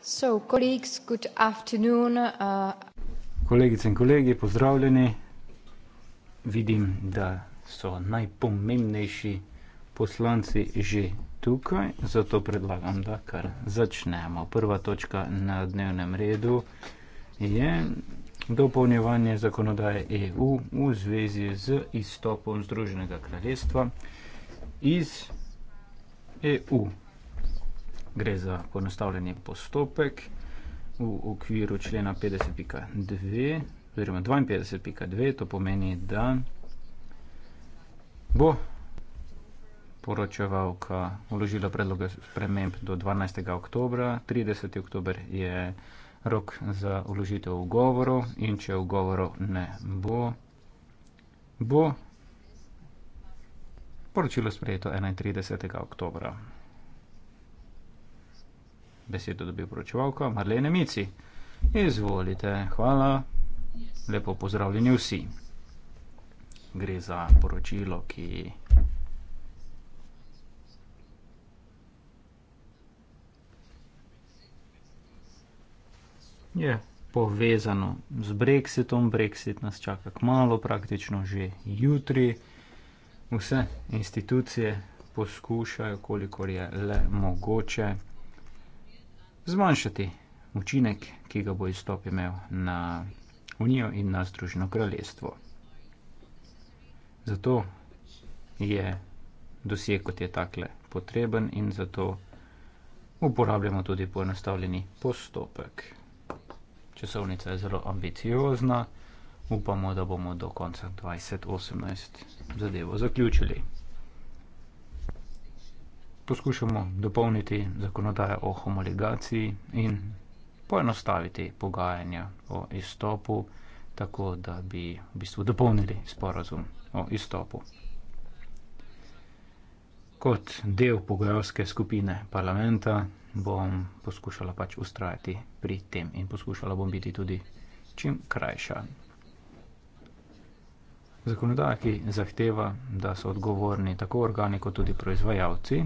Uh, Kolegice in kolegi, pozdravljeni. Vidim, da so najpomembnejši poslanci že tukaj, zato predlagam, da kar začnemo. Prva točka na dnevnem redu je dopolnjevanje zakonodaje EU v zvezi z izstopom Združenega kraljestva iz EU gre za poenostavljeni postopek v okviru člena 50.2 oziroma 52.2, to pomeni, da bo poročevalka vložila predloge sprememb do 12. oktobra, 30. oktober je rok za vložitev ugovorov in če ugovorov ne bo, bo poročilo sprejeto 31. oktobra besedo dobi poročevalka Marlene Mici. Izvolite, hvala. Lepo pozdravljeni vsi. Gre za poročilo, ki je povezano z Brexitom. Brexit nas čaka kmalo, praktično že jutri. Vse institucije poskušajo, kolikor je le mogoče, zmanjšati učinek, ki ga bo izstop imel na Unijo in na Združeno kraljestvo. Zato je dosje kot je takle potreben in zato uporabljamo tudi poenostavljeni postopek. Časovnica je zelo ambiciozna, upamo, da bomo do konca 2018 zadevo zaključili poskušamo dopolniti zakonodajo o homologaciji in poenostaviti pogajanja o izstopu, tako da bi v bistvu dopolnili sporazum o izstopu. Kot del pogajalske skupine parlamenta bom poskušala pač ustrajati pri tem in poskušala bom biti tudi čim krajša. Zakonodaja, ki zahteva, da so odgovorni tako organi kot tudi proizvajalci,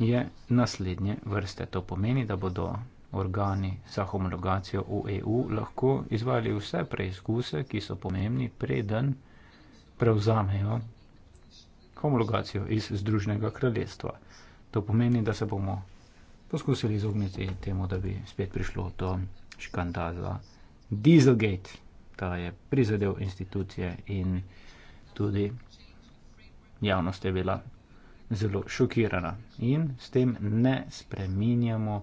je naslednje vrste. To pomeni, da bodo organi za homologacijo v EU lahko izvajali vse preizkuse, ki so pomembni, preden prevzamejo homologacijo iz Združenega kraljestva. To pomeni, da se bomo poskusili izogniti temu, da bi spet prišlo do škandala Dieselgate, da je prizadel institucije in tudi javnost je bila zelo šokirana. In s tem ne spreminjamo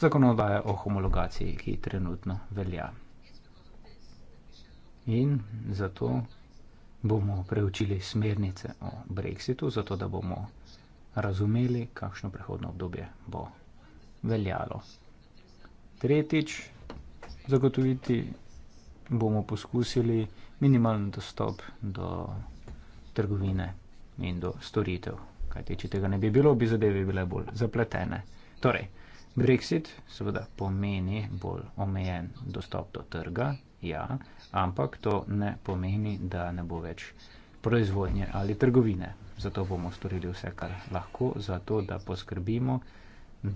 zakonodaje o homologaciji, ki trenutno velja. In zato bomo preučili smernice o brexitu, zato da bomo razumeli, kakšno prehodno obdobje bo veljalo. Tretjič, zagotoviti bomo poskusili minimalen dostop do trgovine in do storitev kajte, če tega ne bi bilo, bi zadeve bile bolj zapletene. Torej, Brexit seveda pomeni bolj omejen dostop do trga, ja, ampak to ne pomeni, da ne bo več proizvodnje ali trgovine. Zato bomo storili vse, kar lahko, zato da poskrbimo,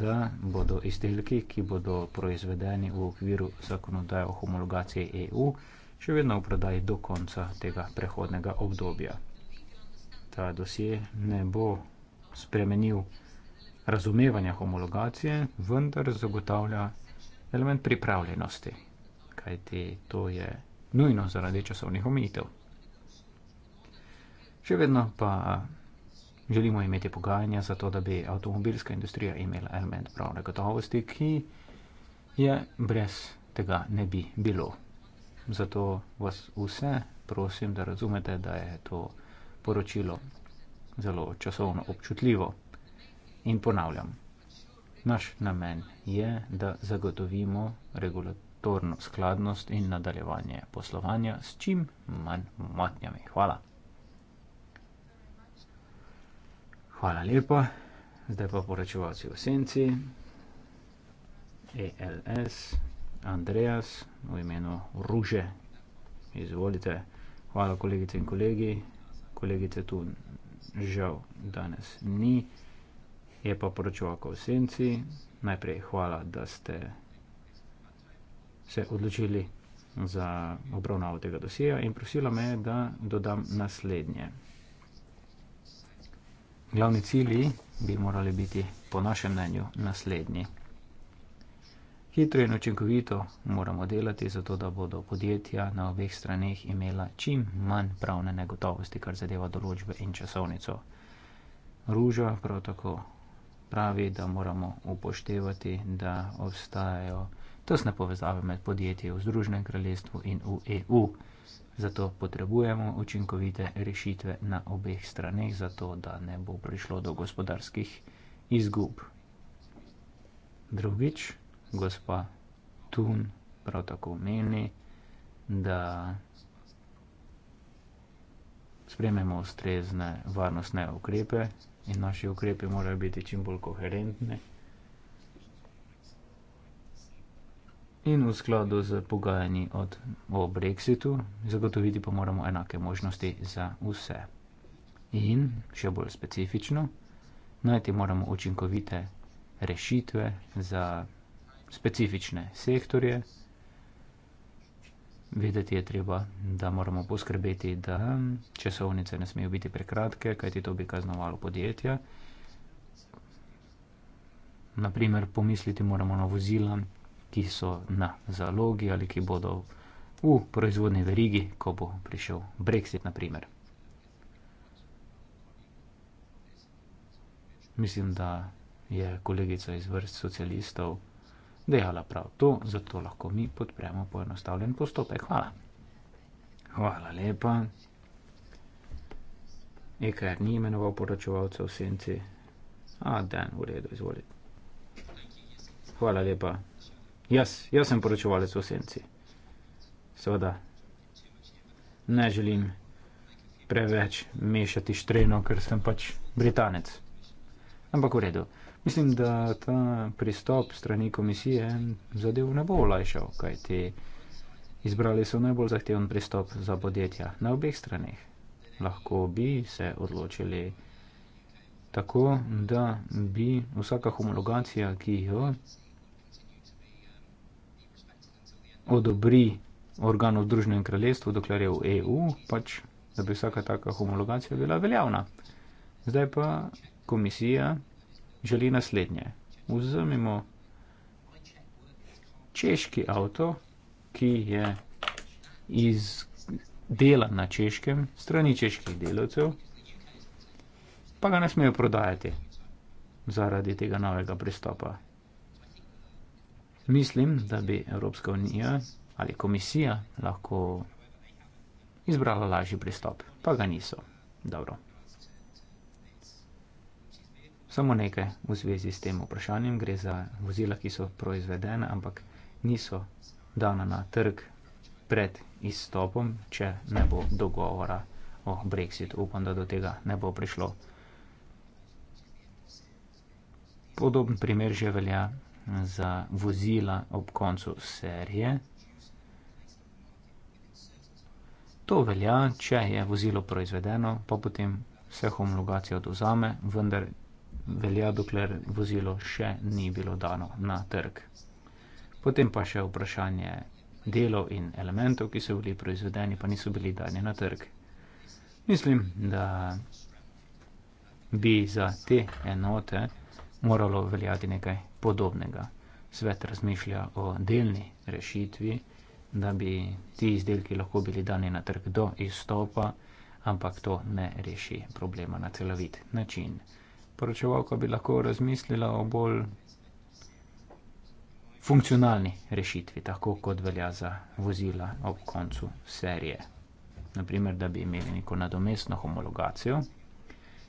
da bodo izdelki, ki bodo proizvedeni v okviru zakonodaje o homologaciji EU, še vedno v prodaji do konca tega prehodnega obdobja ta dosje ne bo spremenil razumevanja homologacije, vendar zagotavlja element pripravljenosti, kajti to je nujno zaradi časovnih omejitev. Še vedno pa želimo imeti pogajanja za to, da bi avtomobilska industrija imela element pravne gotovosti, ki je brez tega ne bi bilo. Zato vas vse prosim, da razumete, da je to poročilo, zelo časovno občutljivo. In ponavljam, naš namen je, da zagotovimo regulatorno skladnost in nadaljevanje poslovanja s čim manj motnjami. Hvala. Hvala lepa. Zdaj pa poročevalci v senci. ALS, e Andreas, v imenu Ruže. Izvolite. Hvala kolegice in kolegi kolegice tu žal danes ni, je pa poročovalka v senci. Najprej hvala, da ste se odločili za obravnavo tega dosija in prosila me je, da dodam naslednje. Glavni cilji bi morali biti po našem mnenju naslednji. Hitro in učinkovito moramo delati, zato da bodo podjetja na obeh straneh imela čim manj pravne negotovosti, kar zadeva določbe in časovnico. Ruža prav tako pravi, da moramo upoštevati, da obstajajo tesne povezave med podjetji v Združenem kraljestvu in v EU. Zato potrebujemo učinkovite rešitve na obeh straneh, zato da ne bo prišlo do gospodarskih izgub. Drugič gospa Tun prav tako meni, da sprememo ustrezne varnostne ukrepe in naši ukrepe morajo biti čim bolj koherentni in v skladu z pogajanji od, o Brexitu zagotoviti pa moramo enake možnosti za vse. In še bolj specifično, najti moramo učinkovite rešitve za specifične sektorje. Vedeti je treba, da moramo poskrbeti, da časovnice ne smejo biti prekratke, kajti to bi kaznovalo podjetja. Naprimer, pomisliti moramo na vozila, ki so na zalogi ali ki bodo v proizvodni verigi, ko bo prišel Brexit, naprimer. Mislim, da je kolegica iz vrst socialistov dejala prav to, zato lahko mi podpremo poenostavljen postopek. Hvala. Hvala lepa. Ekar ni imenoval poročevalca v senci. A, dan, v redu, izvoli. Hvala lepa. Jaz, jaz sem poročevalec v senci. Seveda. Ne želim preveč mešati štreno, ker sem pač britanec. Ampak v redu. Mislim, da ta pristop strani komisije zadev ne bo olajšal, kajti izbrali so najbolj zahteven pristop za podjetja na obeh stranih. Lahko bi se odločili tako, da bi vsaka homologacija, ki jo odobri organ v družnem kraljestvu, dokler je v EU, pač, da bi vsaka taka homologacija bila veljavna. Zdaj pa komisija želi naslednje. Vzemimo češki avto, ki je iz dela na češkem, strani čeških delovcev, pa ga ne smejo prodajati zaradi tega novega pristopa. Mislim, da bi Evropska unija ali komisija lahko izbrala lažji pristop, pa ga niso. Dobro. Samo nekaj v zvezi s tem vprašanjem. Gre za vozila, ki so proizvedena, ampak niso dana na trg pred izstopom, če ne bo dogovora o brexitu. Upam, da do tega ne bo prišlo. Podoben primer že velja za vozila ob koncu serije. To velja, če je vozilo proizvedeno, pa potem vse homologacije oduzame, vendar velja, dokler vozilo še ni bilo dano na trg. Potem pa še vprašanje delov in elementov, ki so bili proizvedeni, pa niso bili dani na trg. Mislim, da bi za te enote moralo veljati nekaj podobnega. Svet razmišlja o delni rešitvi, da bi ti izdelki lahko bili dani na trg do izstopa, ampak to ne reši problema na celovit način poročevalka bi lahko razmislila o bolj funkcionalni rešitvi, tako kot velja za vozila ob koncu serije. Naprimer, da bi imeli neko nadomestno homologacijo,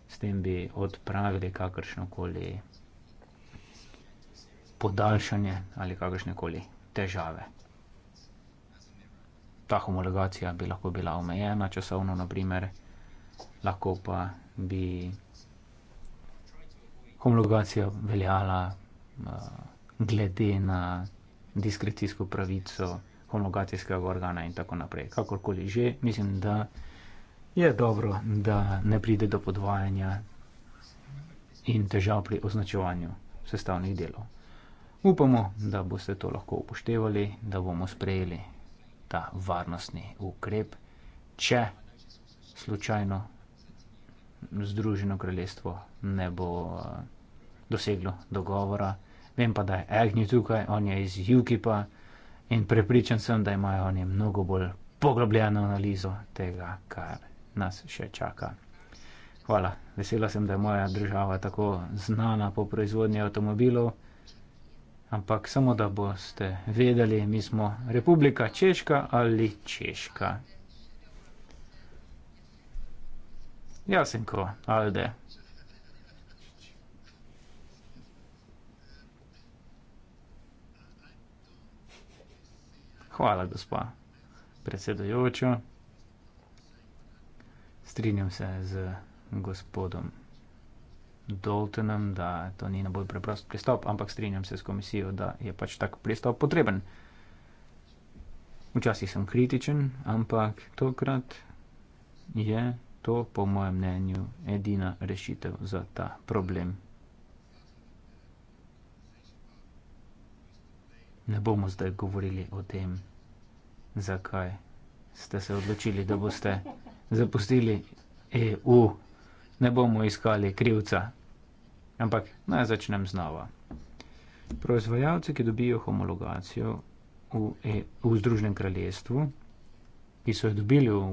s tem bi odpravili kakršnokoli podaljšanje ali kakršnekoli težave. Ta homologacija bi lahko bila omejena časovno, naprimer, lahko pa bi homologacija veljala uh, glede na diskrecijsko pravico homologacijskega organa in tako naprej. Kakorkoli že, mislim, da je dobro, da ne pride do podvajanja in težav pri označevanju sestavnih delov. Upamo, da boste to lahko upoštevali, da bomo sprejeli ta varnostni ukrep, če slučajno Združeno kraljestvo ne bo. Uh, doseglo dogovora. Vem pa, da je Agni tukaj, on je iz UKIP-a in prepričan sem, da imajo oni mnogo bolj poglobljeno analizo tega, kar nas še čaka. Hvala, vesela sem, da je moja država tako znana po proizvodnji avtomobilov, ampak samo da boste vedeli, mi smo Republika Češka ali Češka. Jasenko, Alde, Hvala, gospa predsedujoča. Strinjam se z gospodom Daltonom, da to ni najbolj preprost pristop, ampak strinjam se s komisijo, da je pač tak pristop potreben. Včasih sem kritičen, ampak tokrat je to, po mojem mnenju, edina rešitev za ta problem. Ne bomo zdaj govorili o tem, zakaj ste se odločili, da boste zapustili EU. Ne bomo iskali krivca. Ampak naj začnem znova. Proizvajalci, ki dobijo homologacijo v, EU, v Združenem kraljestvu, ki so jo dobili v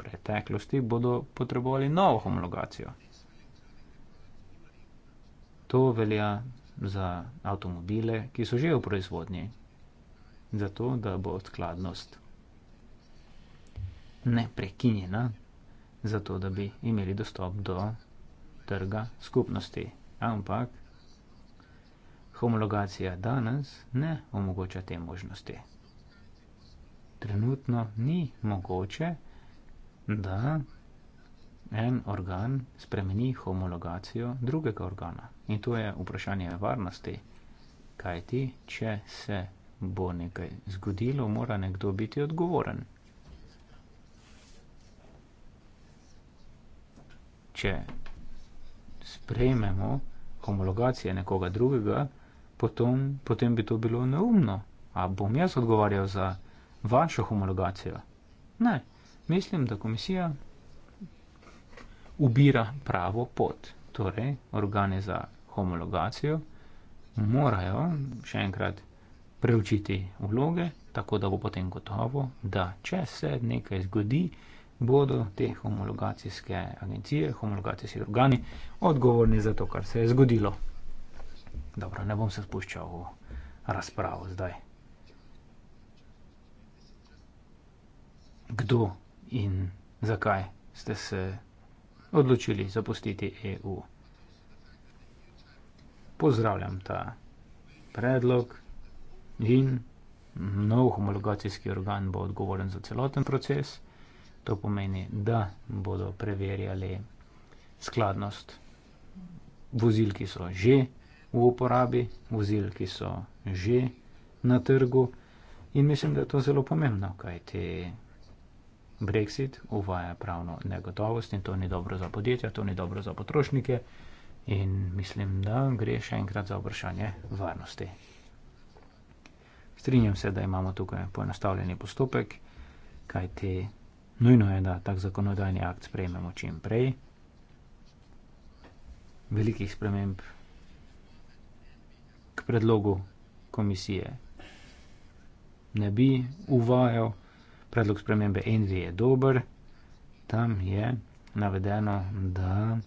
preteklosti, bodo potrebovali novo homologacijo. To velja za avtomobile, ki so že v proizvodnji, zato da bo skladnost neprekinjena, zato da bi imeli dostop do trga skupnosti. Ampak homologacija danes ne omogoča te možnosti. Trenutno ni mogoče, da en organ spremeni homologacijo drugega organa. In to je vprašanje varnosti, kaj ti, če se bo nekaj zgodilo, mora nekdo biti odgovoren. Če sprejmemo homologacijo nekoga drugega, potem, potem bi to bilo neumno. A bom jaz odgovarjal za vašo homologacijo? Ne. Mislim, da komisija ubira pravo pot. Torej, organe za homologacijo morajo še enkrat preučiti vloge, tako da bo potem gotovo, da če se nekaj zgodi, bodo te homologacijske agencije, homologacijski organi odgovorni za to, kar se je zgodilo. Dobro, ne bom se spuščal v razpravo zdaj. Kdo in zakaj ste se odločili zapustiti EU. Pozdravljam ta predlog in nov homologacijski organ bo odgovoren za celoten proces. To pomeni, da bodo preverjali skladnost vozil, ki so že v uporabi, vozil, ki so že na trgu. In mislim, da je to zelo pomembno, kaj ti Brexit uvaja pravno negotovost in to ni dobro za podjetja, to ni dobro za potrošnike in mislim, da gre še enkrat za vprašanje varnosti. Strinjam se, da imamo tukaj poenostavljeni postopek, kajti nujno je, da tak zakonodajni akt sprejmemo čim prej. Velikih sprememb k predlogu komisije ne bi uvajal predlog spremembe Envi je dober, tam je navedeno, da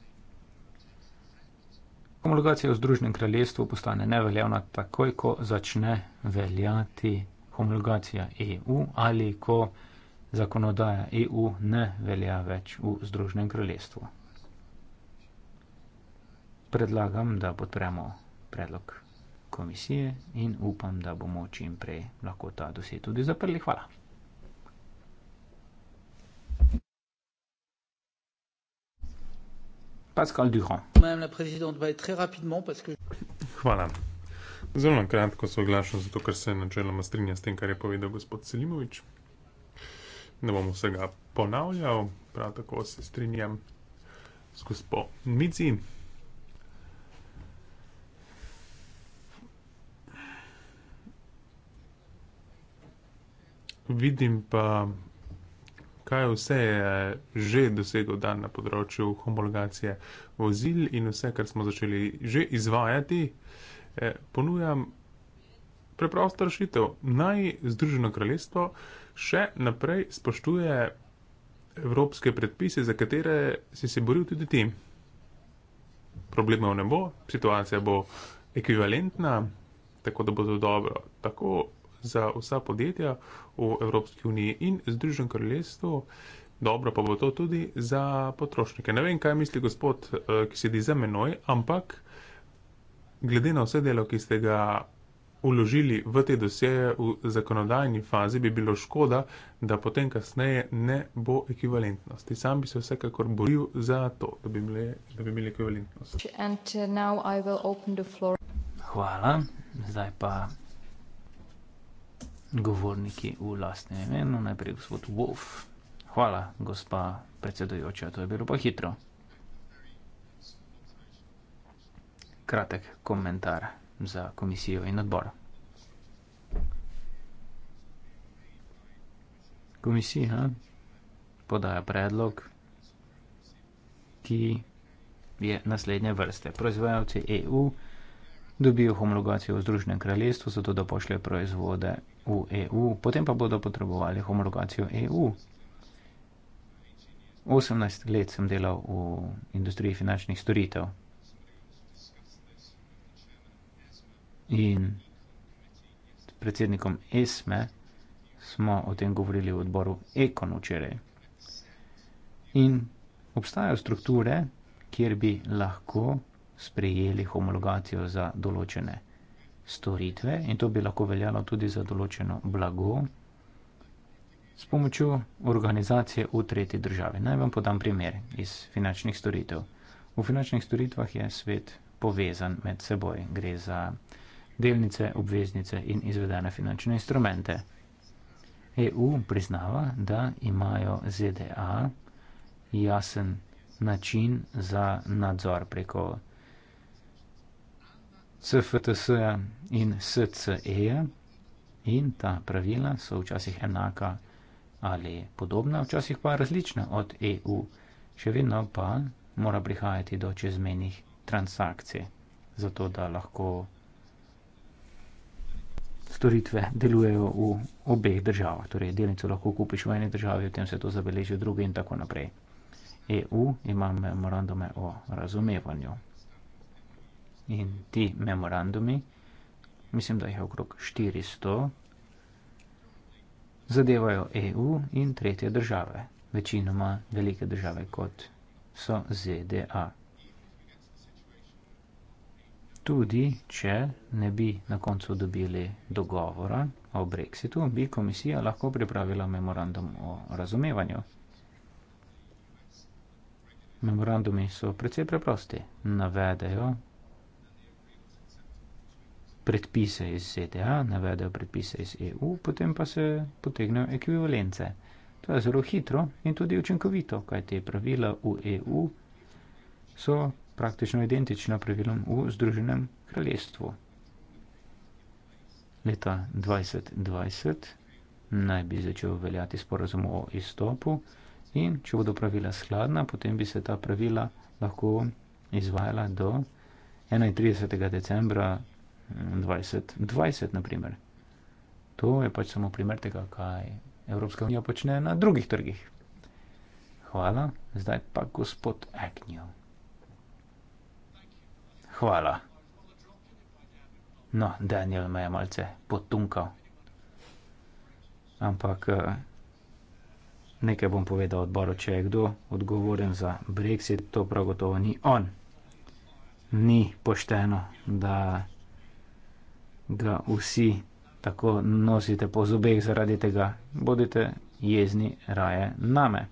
homologacija v Združenem kraljestvu postane neveljavna takoj, ko začne veljati homologacija EU ali ko zakonodaja EU ne velja več v Združenem kraljestvu. Predlagam, da podpremo predlog komisije in upam, da bomo čim prej lahko ta dosje tudi zaprli. Hvala. Pascal Durand. Madame la présidente, bah, très rapidement parce que... Voilà. Zelo na kratko se oglašam, zato ker se načeloma strinjam s tem, kar je povedal gospod Selimovič. Ne bom vsega ponavljal, prav tako se strinjam s gospo Mici. Vidim pa kaj vse je že dosegel dan na področju homologacije vozil in vse, kar smo začeli že izvajati, eh, ponujam preprosto rešitev. Naj Združeno kraljestvo še naprej spoštuje evropske predpise, za katere si se boril tudi ti. Problemov ne bo, situacija bo ekvivalentna, tako da bo to dobro. Tako za vsa podjetja v Evropski uniji in Združenem kraljestvu, dobro pa bo to tudi za potrošnike. Ne vem, kaj misli gospod, eh, ki sedi za menoj, ampak glede na vse delo, ki ste ga uložili v te doseje v zakonodajni fazi, bi bilo škoda, da potem kasneje ne bo ekvivalentnosti. Sam bi se vsekakor boril za to, da bi, bile, da bi bili ekvivalentnosti. Uh, Hvala. Zdaj pa govorniki v lastnem imenu. Najprej gospod Wolf. Hvala, gospa predsedujoča, to je bilo pa hitro. Kratek komentar za komisijo in odbor. Komisija podaja predlog, ki je naslednje vrste. Proizvajalci EU dobijo homologacijo v Združenem kraljestvu, zato da pošljejo proizvode v EU, potem pa bodo potrebovali homologacijo EU. 18 let sem delal v industriji finančnih storitev. In s predsednikom ESME smo o tem govorili v odboru Econ včeraj. In obstajajo strukture, kjer bi lahko sprejeli homologacijo za določene storitve in to bi lahko veljalo tudi za določeno blago s pomočjo organizacije v tretji državi. Naj vam podam primer iz finančnih storitev. V finančnih storitvah je svet povezan med seboj. Gre za delnice, obveznice in izvedene finančne instrumente. EU priznava, da imajo ZDA jasen način za nadzor preko CFTS-ja in SCE-ja. In ta pravila so včasih enaka ali podobna, včasih pa različna od EU. Še vedno pa mora prihajati do čezmenih transakcij, zato da lahko storitve delujejo v obeh državah. Torej, delnico lahko kupiš v eni državi, v tem se to zabeleži v drugi in tako naprej. EU ima memorandume o razumevanju in ti memorandumi, mislim, da jih je okrog 400, zadevajo EU in tretje države, večinoma velike države kot so ZDA. Tudi, če ne bi na koncu dobili dogovora o brexitu, bi komisija lahko pripravila memorandum o razumevanju. Memorandumi so precej preprosti. Navedejo predpise iz ZDA, navedejo predpise iz EU, potem pa se potegnejo ekvivalence. To je zelo hitro in tudi učinkovito, kaj te pravila v EU so praktično identična pravilom v Združenem kraljestvu. Leta 2020 naj bi začel veljati sporozum o izstopu in če bodo pravila skladna, potem bi se ta pravila lahko izvajala do 31. decembra 2020, 20, naprimer. To je pač samo primer tega, kaj Evropska unija počne na drugih trgih. Hvala, zdaj pa gospod Agnew. Hvala. No, Daniel me je malce potunkal. Ampak eh, nekaj bom povedal odboru, če je kdo odgovoren za Brexit, to prav gotovo ni on. Ni pošteno, da je ga vsi tako nosite po zobeh zaradi tega, bodite jezni raje name.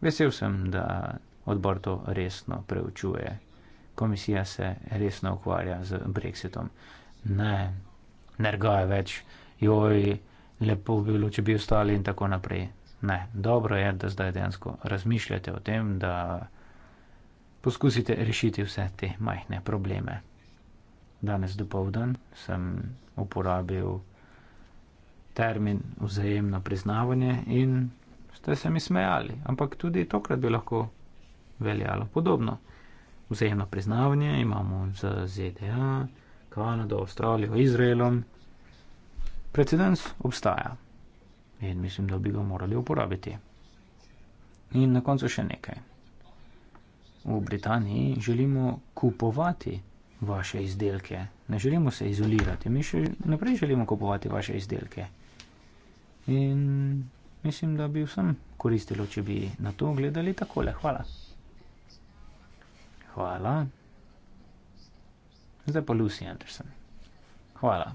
Vesel sem, da odbor to resno preučuje. Komisija se resno ukvarja z brexitom. Ne, nergaje več, joj, lepo bi bilo, če bi ostali in tako naprej. Ne, dobro je, da zdaj dejansko razmišljate o tem, da poskusite rešiti vse te majhne probleme danes dopoledan sem uporabil termin vzajemno priznavanje in ste se mi smejali, ampak tudi tokrat bi lahko veljalo podobno. Vzajemno priznavanje imamo z ZDA, Kanado, Avstralijo, Izraelom. Precedens obstaja in mislim, da bi ga morali uporabiti. In na koncu še nekaj. V Britaniji želimo kupovati vaše izdelke. Ne želimo se izolirati, mi še naprej želimo kupovati vaše izdelke. In mislim, da bi vsem koristilo, če bi na to gledali takole. Hvala. Hvala. Zdaj pa Lucy Anderson. Hvala.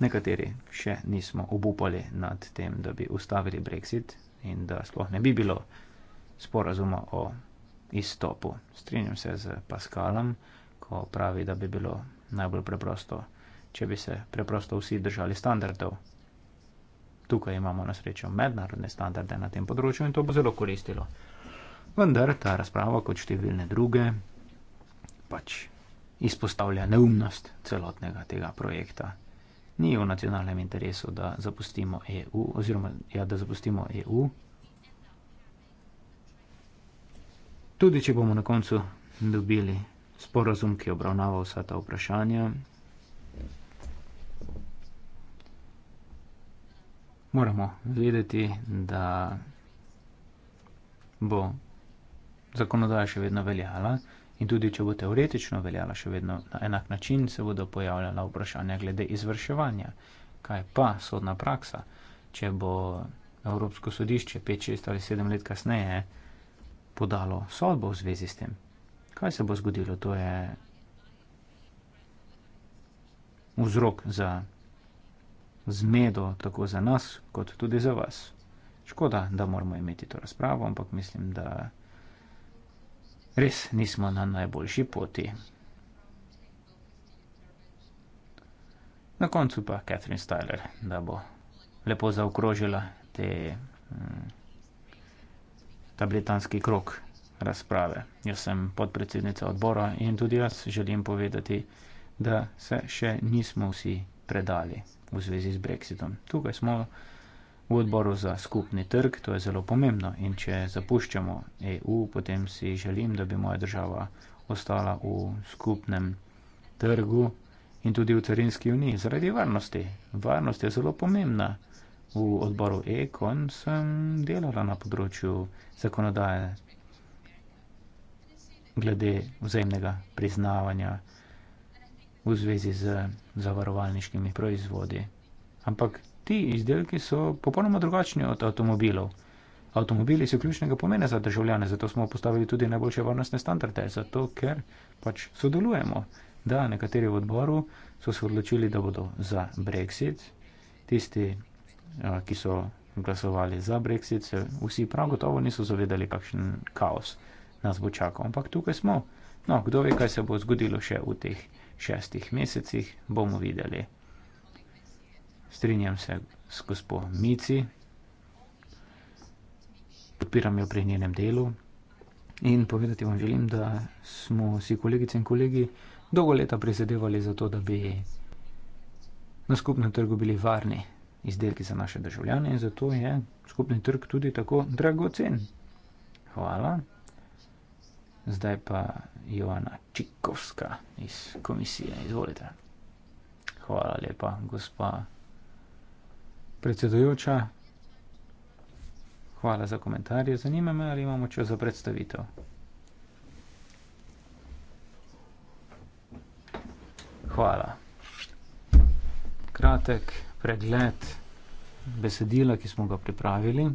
Nekateri še nismo obupali nad tem, da bi ustavili Brexit in da sploh ne bi bilo sporazuma o Brexit izstopu. Strinjam se z Paskalom, ko pravi, da bi bilo najbolj preprosto, če bi se preprosto vsi držali standardov. Tukaj imamo na srečo mednarodne standarde na tem področju in to bo zelo koristilo. Vendar ta razprava, kot številne druge, pač izpostavlja neumnost celotnega tega projekta. Ni v nacionalnem interesu, da zapustimo EU, oziroma ja, da zapustimo EU, Tudi če bomo na koncu dobili sporazum, ki obravnava vsa ta vprašanja, moramo vedeti, da bo zakonodaja še vedno veljala in tudi če bo teoretično veljala še vedno na enak način, se bodo pojavljala vprašanja glede izvrševanja. Kaj pa sodna praksa, če bo Evropsko sodišče 5, 6 ali 7 let kasneje? podalo sodbo v zvezi s tem. Kaj se bo zgodilo? To je vzrok za zmedo, tako za nas, kot tudi za vas. Škoda, da moramo imeti to razpravo, ampak mislim, da res nismo na najboljši poti. Na koncu pa Catherine Styler, da bo lepo zaokrožila te. Hmm, ta britanski krok razprave. Jaz sem podpredsednica odbora in tudi jaz želim povedati, da se še nismo vsi predali v zvezi z Brexitom. Tukaj smo v odboru za skupni trg, to je zelo pomembno in če zapuščamo EU, potem si želim, da bi moja država ostala v skupnem trgu in tudi v carinski uniji zaradi varnosti. Varnost je zelo pomembna. V odboru Econ sem delala na področju zakonodaje glede vzajemnega priznavanja v zvezi z zavarovalniškimi proizvodi. Ampak ti izdelki so popolnoma drugačni od avtomobilov. Avtomobili so ključnega pomena za državljane, zato smo postavili tudi najboljše varnostne standarde, zato ker pač sodelujemo. Da, nekateri v odboru so se odločili, da bodo za Brexit, tisti ki so glasovali za Brexit, se vsi prav gotovo niso zavedali, kakšen kaos nas bo čakal. Ampak tukaj smo. No, kdo ve, kaj se bo zgodilo še v teh šestih mesecih, bomo videli. Strinjam se s gospo Mici, podpiram jo pri njenem delu in povedati vam želim, da smo si kolegice in kolegi dolgo leta prizadevali za to, da bi na skupnem trgu bili varni, izdelki za naše državljane in zato je skupni trg tudi tako dragocen. Hvala. Zdaj pa Jovana Čikovska iz komisije, izvolite. Hvala lepa, gospa predsedujoča. Hvala za komentarje. Zanima me, ali imamo čas za predstavitev. Hvala. Kratek pregled besedila, ki smo ga pripravili.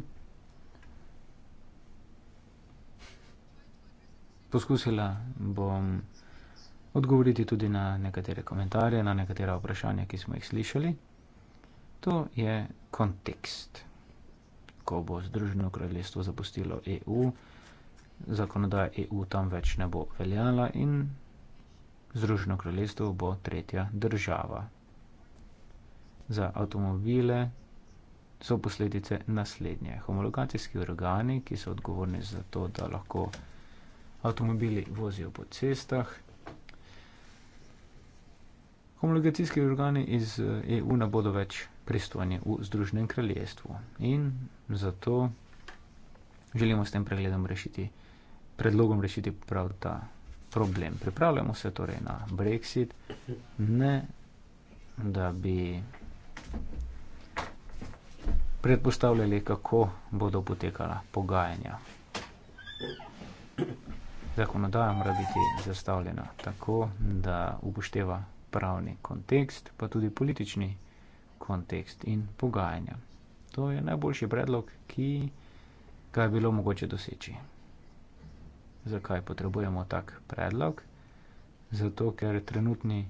Poskusila bom odgovoriti tudi na nekatere komentarje, na nekatera vprašanja, ki smo jih slišali. To je kontekst. Ko bo Združeno kraljestvo zapustilo EU, zakonodaja EU tam več ne bo veljala in Združeno kraljestvo bo tretja država za avtomobile so posledice naslednje. Homologacijski organi, ki so odgovorni za to, da lahko avtomobili vozijo po cestah. Homologacijski organi iz EU eh, e ne bodo več pristojni v Združenem kraljestvu in zato želimo s tem pregledom rešiti, predlogom rešiti prav ta problem. Pripravljamo se torej na Brexit, ne da bi predpostavljali, kako bodo potekala pogajanja. Zakonodaja mora biti zastavljena tako, da upošteva pravni kontekst, pa tudi politični kontekst in pogajanja. To je najboljši predlog, ki ga je bilo mogoče doseči. Zakaj potrebujemo tak predlog? Zato, ker trenutni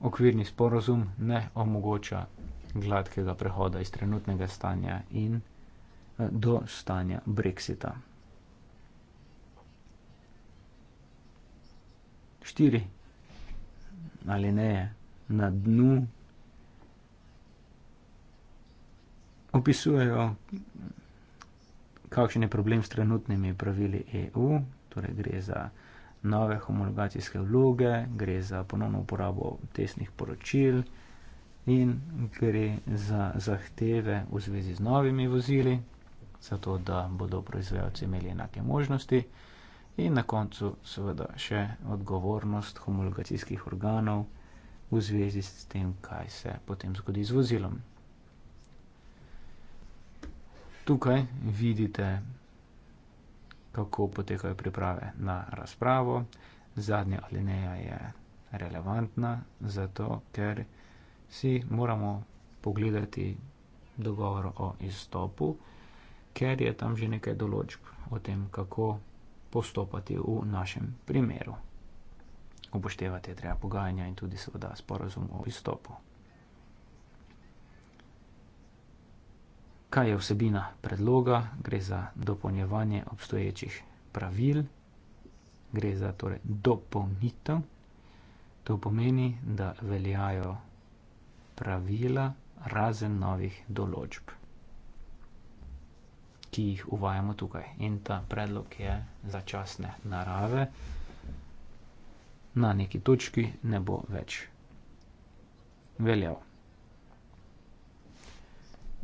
okvirni sporozum ne omogoča gladkega prehoda iz trenutnega stanja in eh, do stanja Brexita. Štiri ali ne je na dnu opisujejo, kakšen je problem s trenutnimi pravili EU, torej gre za vsega, nove homologacijske vloge, gre za ponovno uporabo testnih poročil in gre za zahteve v zvezi z novimi vozili, zato da bodo proizvajalci imeli enake možnosti in na koncu seveda še odgovornost homologacijskih organov v zvezi s tem, kaj se potem zgodi z vozilom. Tukaj vidite kako potekajo priprave na razpravo. Zadnja alineja je relevantna, zato ker si moramo pogledati dogovor o izstopu, ker je tam že nekaj določb o tem, kako postopati v našem primeru. Upoštevati je treba pogajanja in tudi seveda sporazum o izstopu. Kaj je vsebina predloga? Gre za dopolnjevanje obstoječih pravil, gre za torej, dopolnitev. To pomeni, da veljajo pravila razen novih določb, ki jih uvajamo tukaj. In ta predlog je začasne narave, na neki točki ne bo več veljal.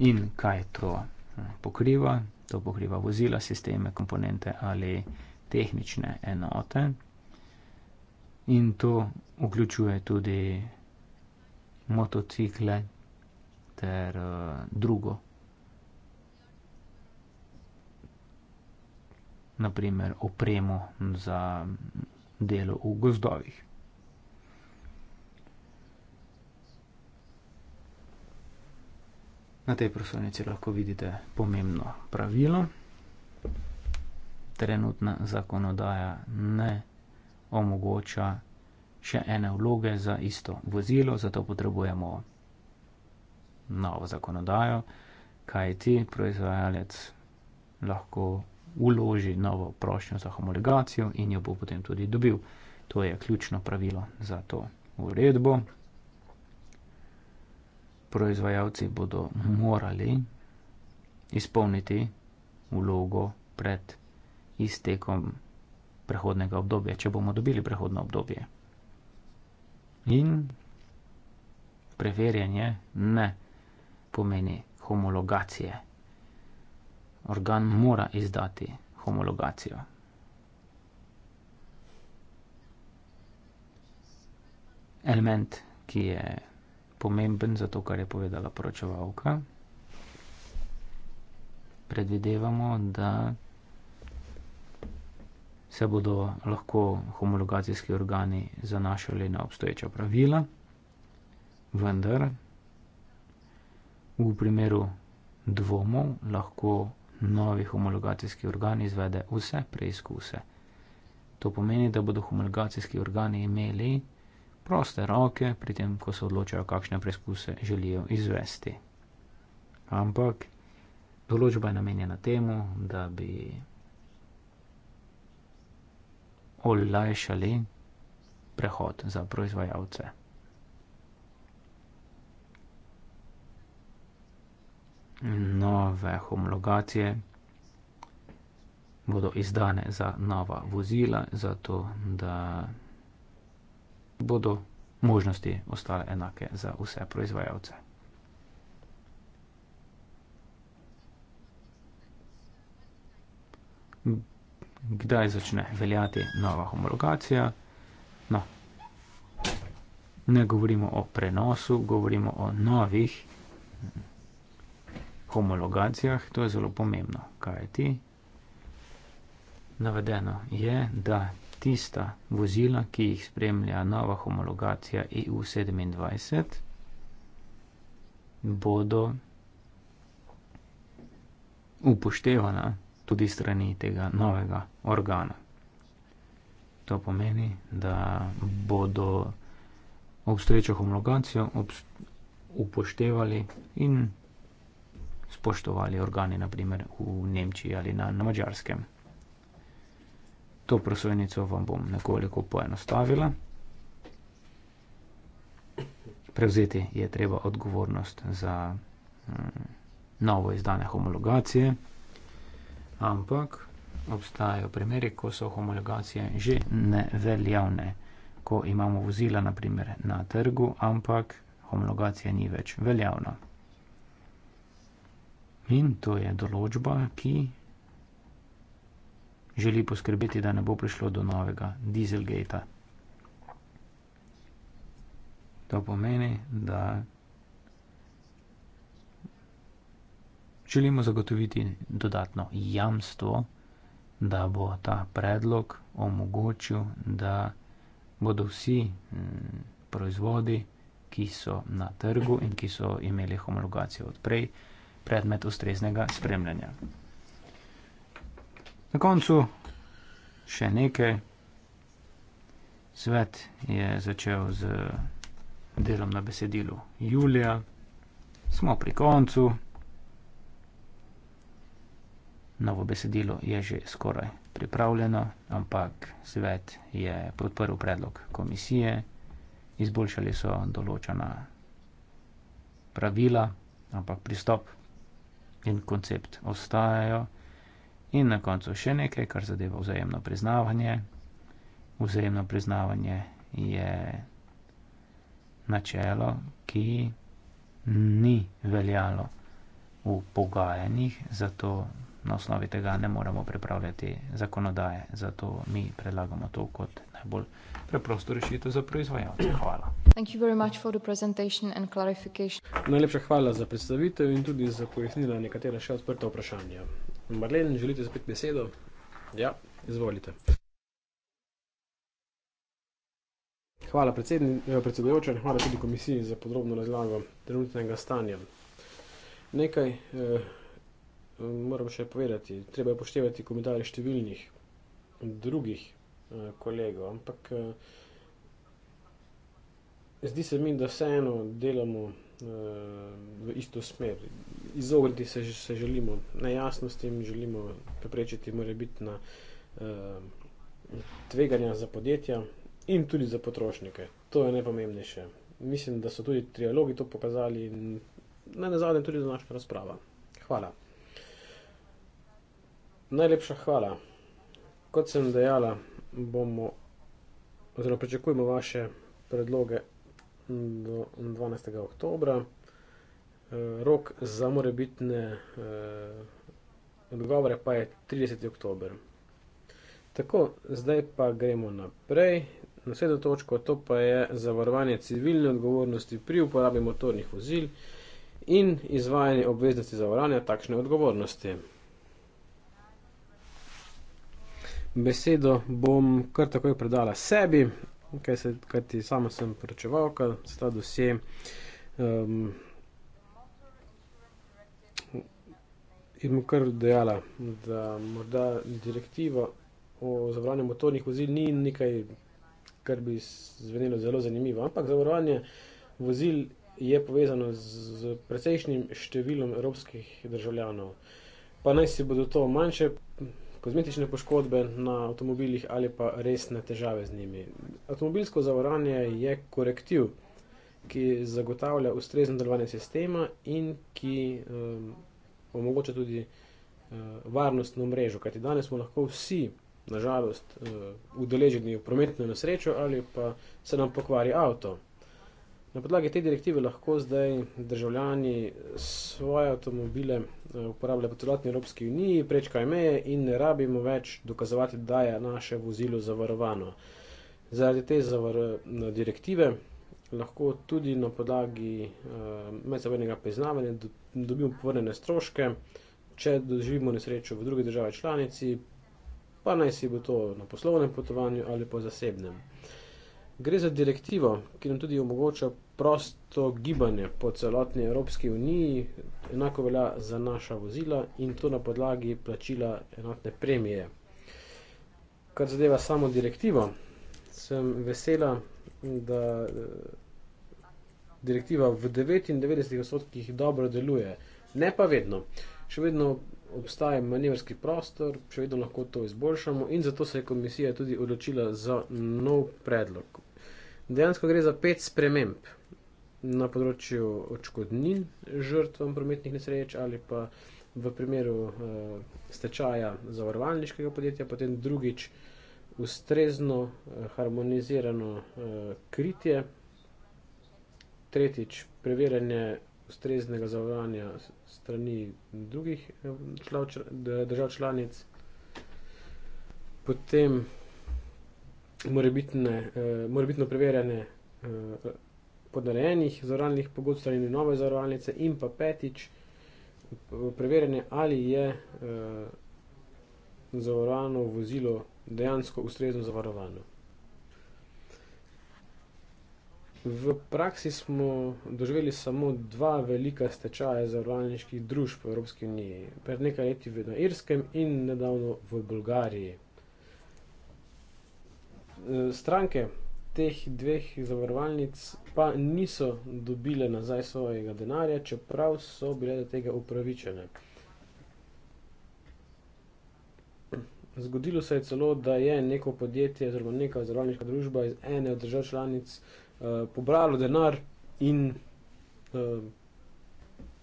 In kaj to eh, pokriva? To pokriva vozila, sisteme, komponente ali tehnične enote. In to vključuje tudi motocikle ter uh, drugo. Naprimer opremo za delo v gozdovih. Na tej prosojnici lahko vidite pomembno pravilo. Trenutna zakonodaja ne omogoča še ene vloge za isto vozilo, zato potrebujemo novo zakonodajo, kaj ti proizvajalec lahko uloži novo prošnjo za homologacijo in jo bo potem tudi dobil. To je ključno pravilo za to uredbo proizvajalci bodo morali izpolniti vlogo pred iztekom prehodnega obdobja, če bomo dobili prehodno obdobje. In preverjanje ne pomeni homologacije. Organ mora izdati homologacijo. Element, ki je pomemben za to, kar je povedala poročevalka. Predvidevamo, da se bodo lahko homologacijski organi zanašali na obstoječa pravila, vendar v primeru dvomov lahko novi homologacijski organ izvede vse preizkuse. To pomeni, da bodo homologacijski organi imeli proste roke, pri tem, ko se odločajo, kakšne preizkuse želijo izvesti. Ampak določba je namenjena temu, da bi olajšali prehod za proizvajalce. Nove homologacije bodo izdane za nova vozila, zato da bodo možnosti ostale enake za vse proizvajalce. Kdaj začne veljati nova homologacija? No, ne govorimo o prenosu, govorimo o novih homologacijah. To je zelo pomembno. Kaj je ti? Navedeno je, da tista vozila, ki jih spremlja nova homologacija EU27, bodo upoštevana tudi strani tega novega organa. To pomeni, da bodo obstoječo homologacijo upoštevali in spoštovali organi, naprimer v Nemčiji ali na, na Mačarskem. To prosojnico vam bom nekoliko poenostavila. Prevzeti je treba odgovornost za hm, novo izdane homologacije, ampak obstajajo primeri, ko so homologacije že neveljavne, ko imamo vozila naprimer na trgu, ampak homologacija ni več veljavna. In to je določba, ki želi poskrbeti, da ne bo prišlo do novega dieselgata. To pomeni, da želimo zagotoviti dodatno jamstvo, da bo ta predlog omogočil, da bodo vsi mm, proizvodi, ki so na trgu in ki so imeli homologacijo odprej, predmet ustreznega spremljanja. Na koncu še nekaj. Svet je začel z delom na besedilu Julija. Smo pri koncu. Novo besedilo je že skoraj pripravljeno, ampak svet je podprl predlog komisije, izboljšali so določena pravila, ampak pristop in koncept ostajajo. In na koncu še nekaj, kar zadeva vzajemno priznavanje. Vzajemno priznavanje je načelo, ki ni veljalo v pogajanjih, zato na osnovi tega ne moramo pripravljati zakonodaje. Zato mi predlagamo to kot najbolj preprosto rešitev za proizvajalce. Hvala. Thank you very much for the presentation and clarification. Najlepša hvala za predstavitev in tudi za pojasnila nekatera še odprta vprašanja. Marlen, želite spet besedo? Ja, izvolite. Hvala eh, predsedujočem, hvala tudi komisiji za podrobno razlago trenutnega stanja. Nekaj eh, moram še povedati, treba je poštevati komentarje številnih drugih eh, kolegov, ampak eh, zdi se mi, da vseeno delamo v isto smer. Izogniti se, se želimo nejasnostim, želimo preprečiti morebitna eh, tveganja za podjetja in tudi za potrošnike. To je najpomembnejše. Mislim, da so tudi trialogi to pokazali in naj na zadnje tudi današnja razprava. Hvala. Najlepša hvala. Kot sem dejala, bomo oziroma pričakujemo vaše predloge do 12. oktobra. E, rok za morebitne e, odgovore pa je 30. oktober. Tako, zdaj pa gremo naprej. Naslednjo točko to pa je zavarovanje civilne odgovornosti pri uporabi motornih vozil in izvajanje obveznosti zavarovanja takšne odgovornosti. Besedo bom kar takoj predala sebi, kaj se, kaj ti sama sem poročeval, kaj se ta dosje. Um, in mu kar dejala, da morda direktiva o zavarovanju motornih vozil ni nekaj, kar bi zvenelo zelo zanimivo, ampak zavarovanje vozil je povezano z precejšnjim številom evropskih državljanov. Pa naj si bodo to manjše kozmetične poškodbe na avtomobilih ali pa resne težave z njimi. Avtomobilsko zavarovanje je korektiv, ki zagotavlja ustrezno delovanje sistema in ki um, omogoča tudi uh, varnostno mrežo, kajti danes smo lahko vsi, nažalost, eh, udeleženi uh, v prometno nesrečo ali pa se nam pokvari avto. Na podlagi te direktive lahko zdaj državljani svoje avtomobile eh, uporabljajo po celotni Evropski uniji, prečkajo meje in ne rabimo več dokazovati, da je naše vozilo zavarovano. Zaradi te zavar eh, direktive lahko tudi na podlagi uh, medsebojnega priznavanja do dobimo povrnjene stroške, če doživimo nesrečo v drugi državi članici, pa naj si bo to na poslovnem potovanju ali pa zasebnem. Uh, Gre za direktivo, ki nam tudi omogoča prosto gibanje po celotni Evropski uniji, enako velja za naša vozila in to na podlagi plačila enotne premije. Kar zadeva samo direktivo, sem vesela, da eh, direktiva v 99 odstotkih dobro deluje, ne pa vedno. Še vedno obstaja manevrski prostor, še vedno lahko to izboljšamo in zato se je komisija tudi odločila za nov predlog. Dejansko gre za pet sprememb na področju očkodnin žrtvam prometnih nesreč ali pa v primeru uh, stečaja zavarovalniškega podjetja, potem drugič ustrezno uh, harmonizirano uh, kritje, tretjič preverjanje ustreznega zavarovanja strani drugih uh, člav, držav članic, potem morebitne, uh, morebitno preverjanje uh, eh, podarjenih zavarovalnih pogodb, stranje nove zavarovalnice in pa petič preverjanje, ali je uh, eh, zavarovano vozilo dejansko ustrezno zavarovano. V praksi smo doživeli samo dva velika stečaja zavarovalniških družb v Evropski uniji, pred nekaj leti v Irskem in nedavno v Bolgariji. Eh, stranke teh dveh zavarovalnic pa niso dobile nazaj svojega denarja, čeprav so bile do tega upravičene. Zgodilo se je celo, da je neko podjetje oziroma neka zavarovalniška družba iz ene od držav članic eh, pobralo denar in eh,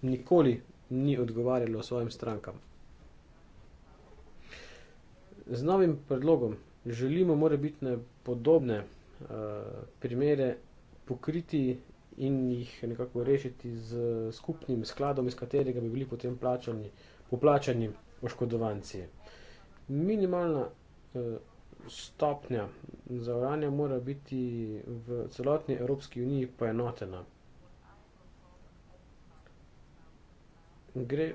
nikoli ni odgovarjalo svojim strankam. Z novim predlogom želimo morebitne podobne uh, primere pokriti in jih nekako rešiti z skupnim skladom, iz katerega bi bili potem plačani, poplačani oškodovanci. Minimalna uh, stopnja zavaranja mora biti v celotni Evropski uniji poenotena. Gre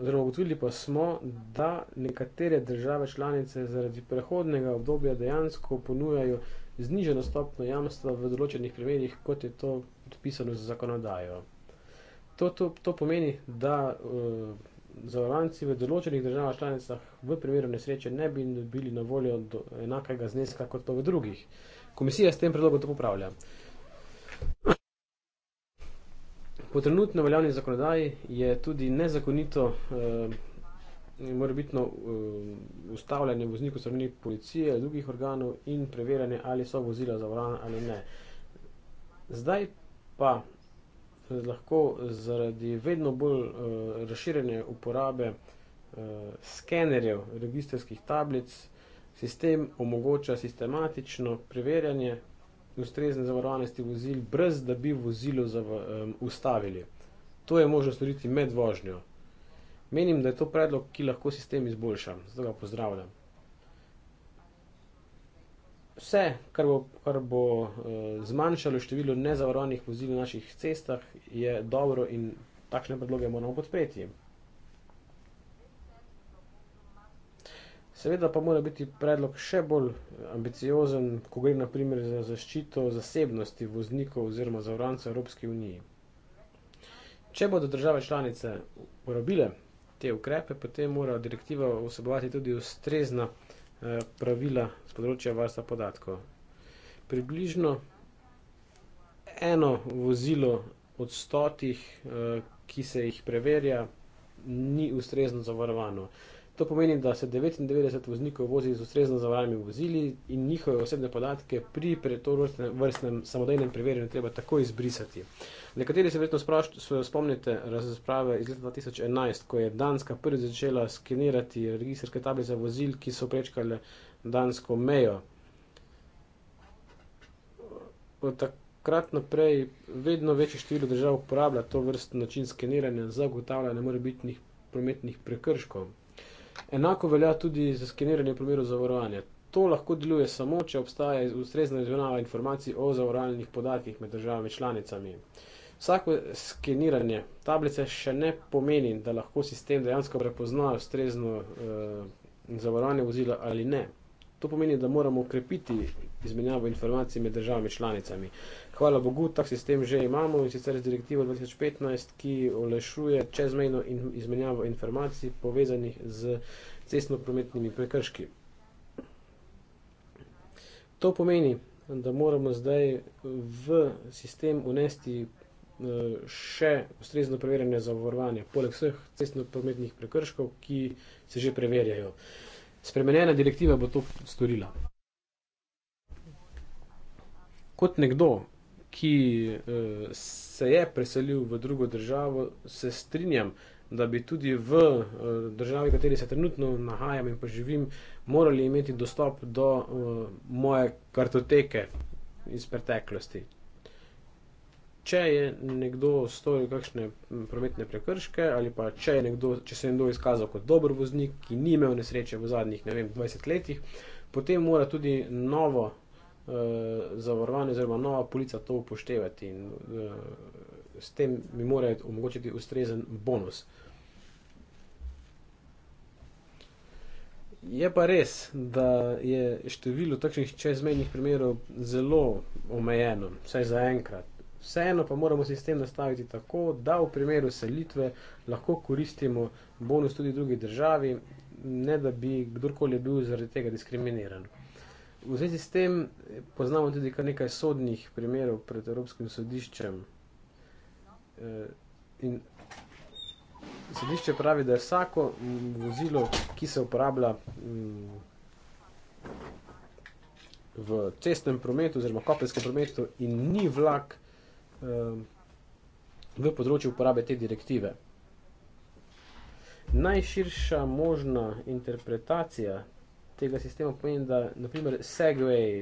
oziroma ugotovili pa smo, da nekatere države članice zaradi prehodnega obdobja dejansko ponujajo zniženo stopno jamstva v določenih primerjih, kot je to odpisano z zakonodajo. To, to, to pomeni, da uh, zavarovanci v določenih državah članicah v primeru nesreče ne bi bili na voljo do enakega zneska kot to v drugih. Komisija s tem predlogom to popravlja po trenutno veljavni zakonodaji je tudi nezakonito uh, eh, morbitno uh, eh, ustavljanje voznikov strani policije ali drugih organov in preverjanje, ali so vozila zavarana ali ne. Zdaj pa eh, lahko zaradi vedno bolj uh, razširjene uporabe uh, skenerjev, registerskih tablic, sistem omogoča sistematično preverjanje ustrezne zavarovanosti vozil, brez da bi vozilo zav, um, ustavili. To je možno storiti med vožnjo. Menim, da je to predlog, ki lahko sistem izboljša. Zato ga pozdravljam. Vse, kar bo, kar bo uh, zmanjšalo število nezavarovanih vozil na naših cestah, je dobro in takšne predloge moramo podpreti. Seveda pa mora biti predlog še bolj ambiciozen, ko gre naprimer za zaščito zasebnosti voznikov oziroma zavrancev Evropske unije. Če bodo države članice uporabile te ukrepe, potem mora direktiva vsebovati tudi ustrezna eh, pravila z področja varstva podatkov. Približno eno vozilo od stotih, eh, ki se jih preverja, ni ustrezno zavarovano. To pomeni, da se 99 voznikov vozi z ustrezno zavarovanimi vozili in njihove osebne podatke pri pretovrstnem vrstnem samodejnem preverjanju treba takoj izbrisati. Nekateri se verjetno spomnite razprave iz leta 2011, ko je Danska prvi začela skenirati registrske tablice vozil, ki so prečkale dansko mejo. Od takrat naprej vedno večje število držav uporablja to vrstni način skeniranja za ugotavljanje morebitnih prometnih prekrškov. Enako velja tudi za skeniranje primerov zavarovanja. To lahko deluje samo, če obstaja ustrezna izmenjava informacij o zavarovalnih podatkih med državami članicami. Vsako skeniranje tablice še ne pomeni, da lahko sistem dejansko prepozna ustrezno eh, zavarovanje vozila ali ne. To pomeni, da moramo ukrepiti izmenjavo informacij med državami članicami. Hvala Bogu, tak sistem že imamo in sicer z direktivo 2015, ki olešuje čezmejno in izmenjavo informacij povezanih z cestno-prometnimi prekrški. To pomeni, da moramo zdaj v sistem unesti eh, še ustrezno preverjanje zavarovanja, poleg vseh cestno-prometnih prekrškov, ki se že preverjajo. Uh, spremenjena direktiva bo to storila. Kot nekdo, ki eh, se je preselil v drugo državo, se strinjam, da bi tudi v eh, državi, v kateri se trenutno nahajam in pa živim, morali imeti dostop do eh, moje kartoteke iz preteklosti, če je nekdo storil kakšne prometne prekrške ali pa če, nekdo, če se je nekdo izkazal kot dober voznik, ki ni imel nesreče v zadnjih vem, 20 letih, potem mora tudi novo uh, zavarovanje oziroma nova polica to upoštevati in uh, s tem mi morajo omogočiti ustrezen bonus. Je pa res, da je število takšnih čezmejnih primerov zelo omejeno, vsaj zaenkrat. Vseeno pa moramo sistem nastaviti tako, da v primeru selitve lahko koristimo bonus tudi drugi državi, ne da bi kdorkoli bil zaradi tega diskriminiran. V zvezi s tem eh, poznamo tudi kar nekaj sodnih primerov pred Evropskim sodiščem. Eh, in sodišče pravi, da je vsako vozilo, ki se uporablja mm, v cestnem prometu oziroma kopenskem prometu in ni vlak, Ehm, v področju uporabe te direktive. Najširša možna interpretacija tega sistema pomeni, da naprimer Segway,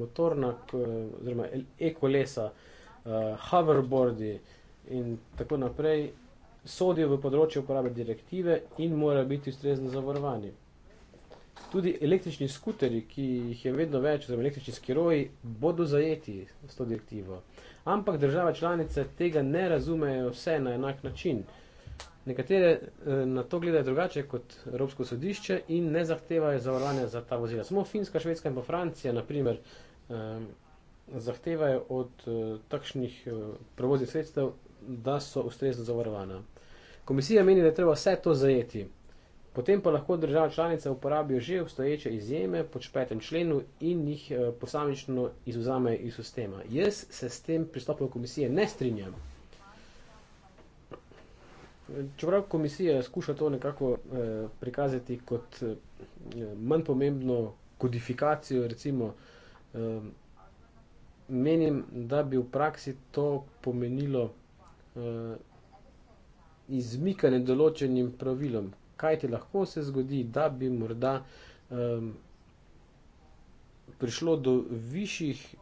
motorna, oziroma e-kolesa, eh, hoverboardi in tako naprej, sodijo v področju uporabe direktive in morajo biti ustrezno zavarovani. Tudi električni skuterji, ki jih je vedno več, oziroma električni skiroji, bodo zajeti s to direktivo. Ampak države članice tega ne razumejo vse na enak način. Nekatere eh, na to gledajo drugače kot Evropsko sodišče in ne zahtevajo zavarovanja za ta vozila. Samo Finska, Švedska in pa Francija, naprimer, eh, zahtevajo od eh, takšnih provoznih sredstev, da so ustrezno zavarovana. Komisija meni, da je treba vse to zajeti. Potem pa lahko država članica uporabijo že obstoječe izjeme po četrtem členu in jih eh, posamično izuzamejo iz sistema. Jaz se s tem pristopom komisije ne strinjam. Čeprav komisija skuša to nekako eh, prikazati kot eh, manj pomembno kodifikacijo, recimo, eh, menim, da bi v praksi to pomenilo eh, izmikanje določenim pravilom, kaj ti lahko se zgodi, da bi morda um, prišlo do višjih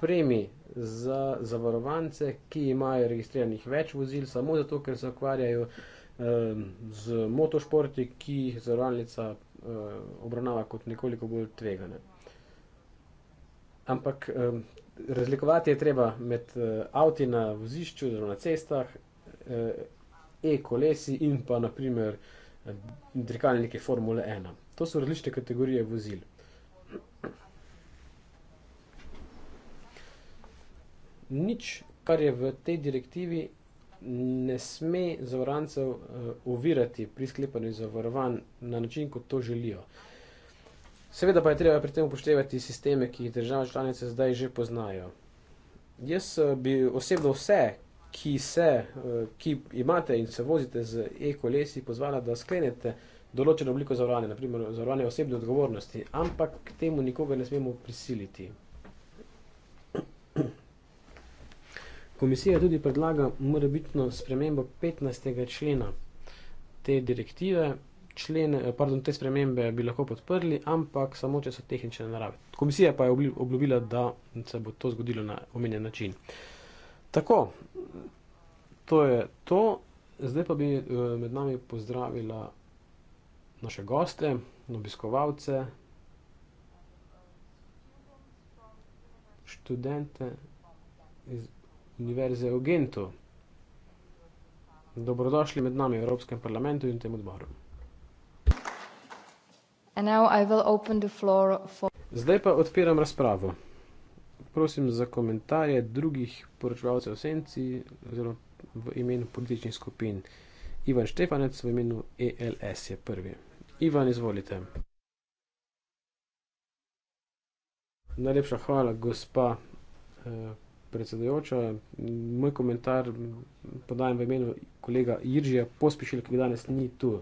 premij za zavarovance, ki imajo registriranih več vozil, samo zato, ker se ukvarjajo um, z motošporti, ki jih zavarovalnica um, obravnava kot nekoliko bolj tvegane. Ampak um, razlikovati je treba med uh, avti na vozišču oziroma na cestah, uh, e-kolesi in pa naprimer uh, dirkalnike Formule 1. To so različne kategorije vozil. Nič, kar je v tej direktivi, ne sme zavarancev eh, ovirati pri sklepanju zavarovanj na način, kot to želijo. Seveda pa je treba pri tem upoštevati sisteme, ki jih države članice zdaj že poznajo. Jaz eh, bi osebno vse, ki, se, eh, ki imate in se vozite z e-kolesi, pozvala, da sklenete določeno obliko zavarovanja, naprimer zavarovanje osebne odgovornosti, ampak k temu nikoga ne smemo prisiliti. Komisija tudi predlaga morebitno spremembo 15. člena te direktive. Člene, eh, pardon, te spremembe bi lahko podprli, ampak samo če so tehnične narave. Komisija pa je obljubila, da se bo to zgodilo na omenjen način. Uh, Tako, to je to. Zdaj pa bi eh, med nami pozdravila naše goste, obiskovalce, študente iz Univerze v Gentu. Dobrodošli med nami v Evropskem parlamentu in tem odboru. Zdaj pa odpiram razpravo prosim za komentarje drugih poročevalcev v senci, oziroma v imenu političnih skupin. Ivan Štefanec v imenu ELS je prvi. Ivan, izvolite. Najlepša hvala, gospa eh, predsedojoča. Moj komentar podajam v imenu kolega Iržija Pospišil, ki danes ni tu.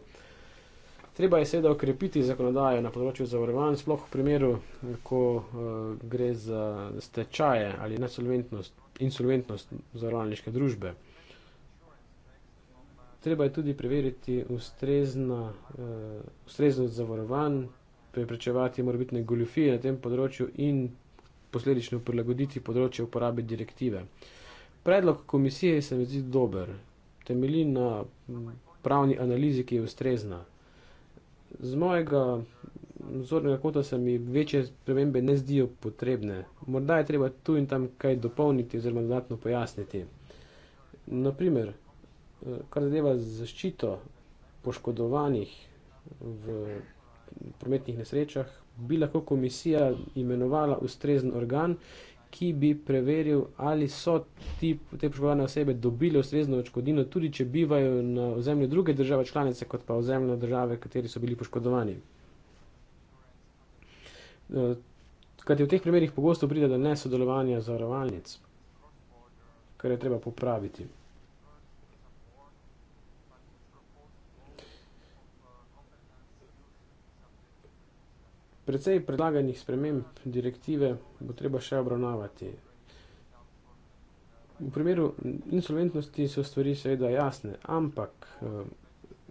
Treba je seveda okrepiti zakonodajo na področju zavarovanj, sploh v primeru, ko uh, gre za stečaje ali nesolventnost, insolventnost zavarovalniške družbe. Treba je tudi preveriti ustrezna, uh, ustreznost zavarovanj, preprečevati morbitne goljufije na tem področju in posledično prilagoditi področje uporabe direktive. Predlog komisije se mi zdi dober, temelji na pravni analizi, ki je ustrezna. Z mojega vzornega kota se mi večje spremembe ne zdijo potrebne. Morda je treba tu in tam kaj dopolniti oziroma dodatno pojasniti. Naprimer, eh, kar zadeva zaščito poškodovanih v prometnih nesrečah, bi lahko komisija imenovala ustrezen organ, ki bi preveril, ali so ti, te poškodovane osebe dobile ustrezno očkodino, tudi če bivajo na ozemlju druge države članice, kot pa ozemlju države, kateri so bili poškodovani. No, kajti v teh primerjih pogosto pride do nesodelovanja zavarovalnic, kar je treba popraviti. Predvsej predlaganih sprememb direktive bo treba še obravnavati. V primeru insolventnosti so stvari seveda jasne, ampak eh,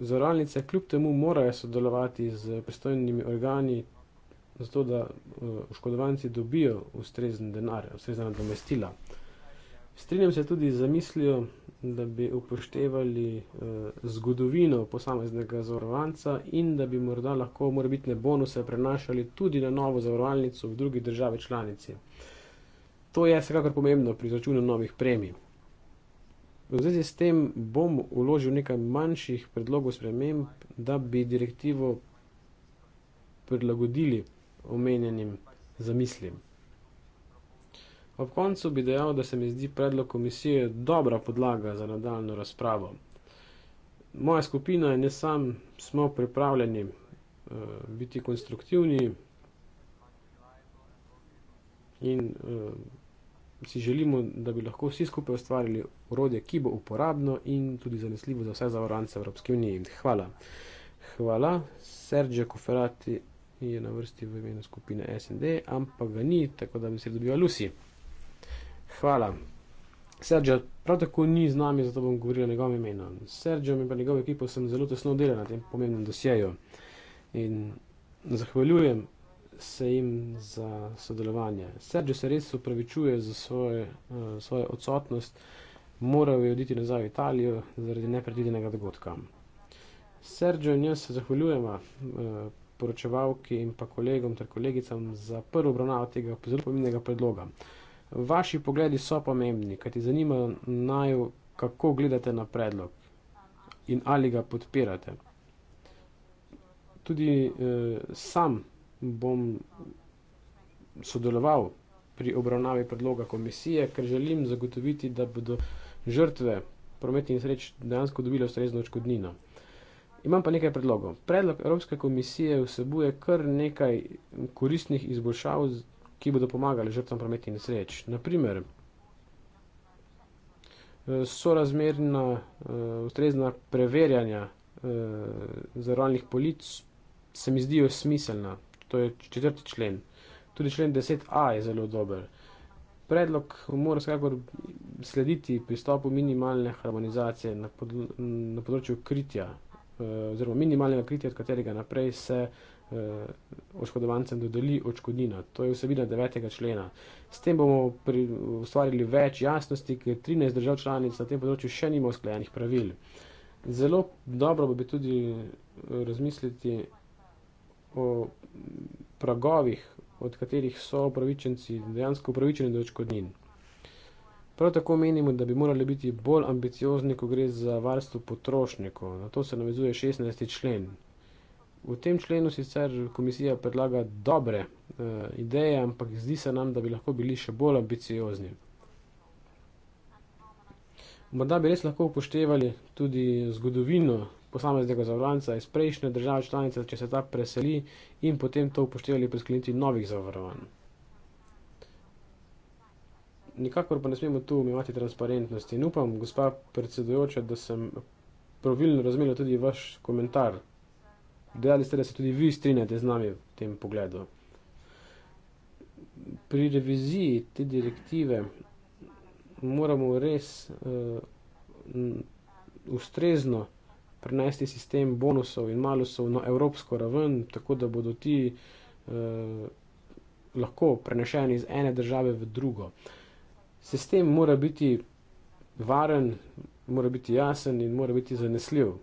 zavarovalnice kljub temu morajo sodelovati z pristojnimi organi, zato da eh, oškodovanci dobijo ustrezen denar, ustrezna domestila. Strinjam se tudi z mislijo, da bi upoštevali eh, zgodovino posameznega zavarovalca in da bi morda lahko morbitne bonuse prenašali tudi na novo zavarovalnico v drugi državi članici. To je vsekakor pomembno pri izračunu novih premij. V zvezi s tem bom uložil nekaj manjših predlogov sprememb, da bi direktivo prilagodili omenjenim zamislim. Ob koncu bi dejal, da se mi zdi predlog komisije dobra podlaga za nadaljno razpravo. Moja skupina in jaz sam smo pripravljeni eh, biti konstruktivni in eh, si želimo, da bi lahko vsi skupaj ustvarili urodje, ki bo uporabno in tudi zanesljivo za vse zavarance Evropske unije. Hvala. Hvala. Sergio Koferati je na vrsti v imenu skupine SND, ampak ga ni, tako da bi se dobila Lucy. Hvala. Sergio prav tako ni z nami, zato bom govoril o njegovem imenu. Sergio in pa njegovo ekipo sem zelo tesno delal na tem pomembnem dosjeju in zahvaljujem se jim za sodelovanje. Sergio se res upravičuje za svoje, uh, svojo odsotnost, moral je oditi nazaj v Italijo zaradi nepredvidenega dogodka. Sergio in jaz se zahvaljujemo eh, poročevalki in pa kolegom ter kolegicam za prvo obravnavo tega zelo pomembnega predloga. Vaši pogledi so pomembni, kajti zanima naju, kako gledate na predlog in ali ga podpirate. Tudi eh, sam bom sodeloval pri obravnavi predloga komisije, ker želim zagotoviti, da bodo žrtve prometnih nesreč dejansko dobile ustrezno očkodnino. Imam pa nekaj predlogov. Predlog Evropske komisije vsebuje kar nekaj koristnih izboljšav ki bodo pomagali žrtvam prometnih nesreč. Naprimer, eh, sorazmerna, eh, ustrezna preverjanja eh, zavarovalnih polic se mi zdijo smiselna. To je četrti člen. Tudi člen 10a je zelo dober. Predlog mora vsekakor slediti pristopu minimalne harmonizacije na, pod, na področju kritja, oziroma minimalnega kritja, od katerega naprej se eh, oškodovancem dodeli očkodnina. To je vsebina 9. člena. S tem bomo pri, ustvarili več jasnosti, ker 13 držav članic na tem področju še nima usklajenih pravil. Zelo dobro bi tudi eh, razmisliti o pragovih, od katerih so upravičenci dejansko upravičeni do očkodnin. Prav tako menimo, da bi morali biti bolj ambiciozni, ko gre za varstvo potrošnikov. Na to se navezuje 16. člen. V tem členu sicer komisija predlaga dobre uh, ideje, ampak zdi se nam, da bi lahko bili še bolj ambiciozni. Morda bi res lahko upoštevali tudi zgodovino posameznega zavarovanca iz prejšnje države članice, če se ta preseli in potem to upoštevali pri sklenitvi novih zavarovanj. Nikakor pa ne smemo tu umivati transparentnosti in upam, gospa predsedujoča, da sem pravilno razumela tudi vaš komentar. Dejali ste, da se tudi vi strinjate z nami v tem pogledu. Pri reviziji te direktive moramo res uh, ustrezno prenesti sistem bonusov in malusov na evropsko raven, tako da bodo ti uh, lahko prenešeni iz ene države v drugo. Sistem mora biti varen, mora biti jasen in mora biti zanesljiv.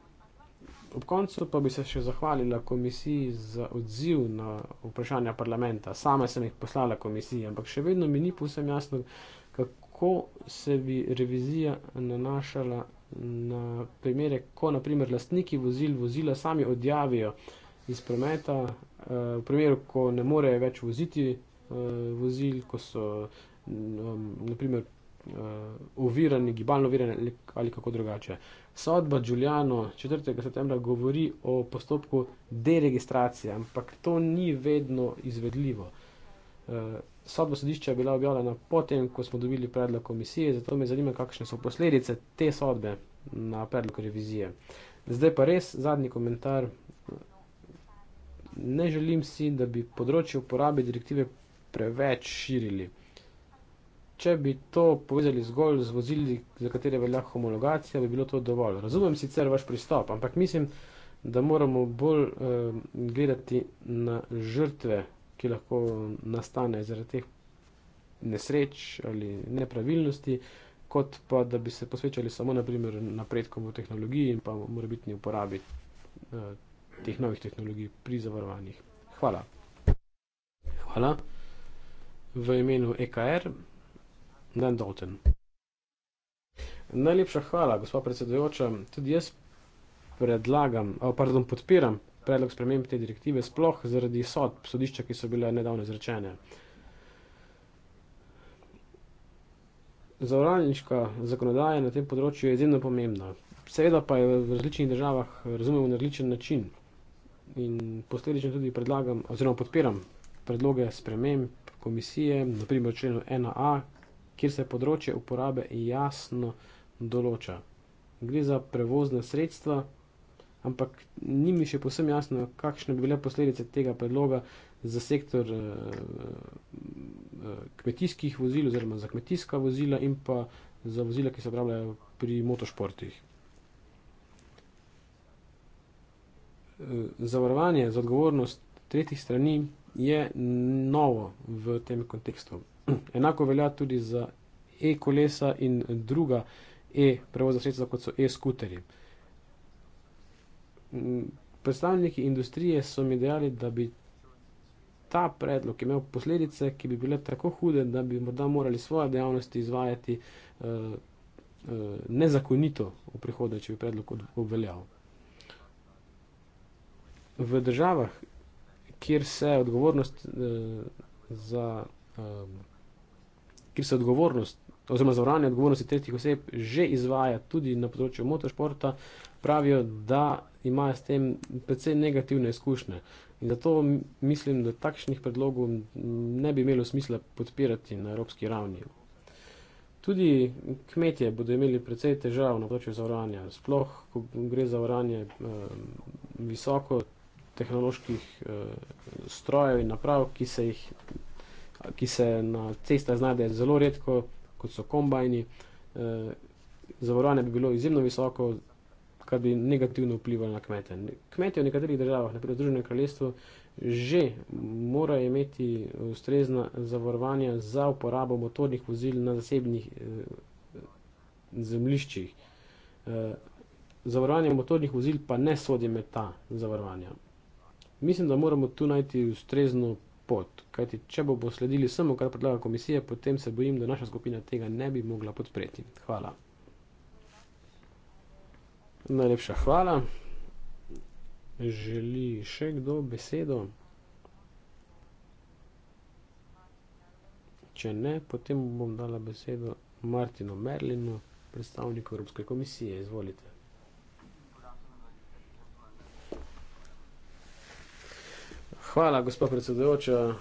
Ob koncu pa bi se še zahvalila komisiji za odziv na vprašanja parlamenta. Sama sem jih poslala komisiji, ampak še vedno mi ni povsem jasno, kako se bi revizija nanašala na primere, ko naprimer lastniki vozil vozila sami odjavijo iz prometa, eh, v primeru, ko ne morejo več voziti eh, vozil, ko so mm, um, naprimer Eh, ovirani, gibalno ovirani ali, ali kako drugače. Sodba Giuliano 4. septembra govori o postopku deregistracije, ampak to ni vedno izvedljivo. Uh, sodba sodišča je bila objavljena potem, ko smo dobili predlog komisije, zato me zanima, kakšne so posledice te sodbe na predlog revizije. Zdaj pa res zadnji komentar. Ne želim si, da bi področje uporabe direktive preveč širili. Če bi to povezali zgolj z vozili, za katere velja homologacija, bi bilo to dovolj. Razumem sicer vaš pristop, ampak mislim, da moramo bolj uh, gledati na žrtve, ki lahko nastane zaradi teh nesreč ali nepravilnosti, kot pa da bi se posvečali samo naprimer napredkom v tehnologiji in pa mora biti ni uporabi uh, teh novih tehnologij pri zavarovanjih. Hvala. Hvala. V imenu EKR. Dan Dalton. Najlepša hvala, gospod predsedujoča. Tudi jaz predlagam, oh, pardon, podpiram predlog sprememb te direktive, sploh zaradi sod, sodišča, ki so bile nedavno izrečene. Zavarovalniška zakonodaja na tem področju je izjemno pomembna. Seveda pa je v različnih državah razumemo na različen način in posledično tudi predlagam oziroma podpiram predloge sprememb komisije, naprimer členu 1a, kjer se področje uporabe jasno določa. Gre za prevozne sredstva, ampak ni mi še posebno jasno, kakšne bi bile posledice tega predloga za sektor eh, eh, kmetijskih vozil oziroma za kmetijska vozila in pa za vozila, ki se uporabljajo pri motošportih. Eh, zavarovanje za odgovornost tretjih strani je novo v tem kontekstu. Enako velja tudi za e-kolesa in druga e-prevozna sredstva, kot so e-skuterji. Mm, predstavniki industrije so mi dejali, da bi ta predlog imel posledice, ki bi bile tako hude, da bi morda morali svoje dejavnosti izvajati eh, eh, nezakonito v prihodnje, če bi predlog obveljal. V državah, kjer se odgovornost eh, za kjer se odgovornost, oziroma zavarovanje odgovornosti tretjih oseb že izvaja tudi na področju motošporta, pravijo, da imajo s tem precej negativne izkušnje. In zato mislim, da takšnih predlogov ne bi imelo smisla podpirati na evropski ravni. Tudi kmetje bodo imeli precej težav na področju zavarovanja, sploh ko gre za zavarovanje eh, visoko tehnoloških eh, strojev in naprav, ki se jih ki se na cestah znajde zelo redko, kot so kombajni. Eh, zavarovanje bi bilo izjemno visoko, kar bi negativno vplivalo na kmete. Kmetje v nekaterih državah, naprimer v Združenem kraljestvu, že morajo imeti ustrezna zavarovanja za uporabo motornih vozil na zasebnih eh, zemliščih. Eh, zavarovanje motornih vozil pa ne sodi med ta zavarovanja. Mislim, da moramo tu najti ustrezno pot. Kajti, če bomo sledili samo, kar predlaga komisija, potem se bojim, da naša skupina tega ne bi mogla podpreti. Hvala. Najlepša hvala. Želi še kdo besedo? Če ne, potem bom dala besedo Martinu Merlinu, predstavniku Evropske komisije. Izvolite. Hvala, gospod predsedujoča.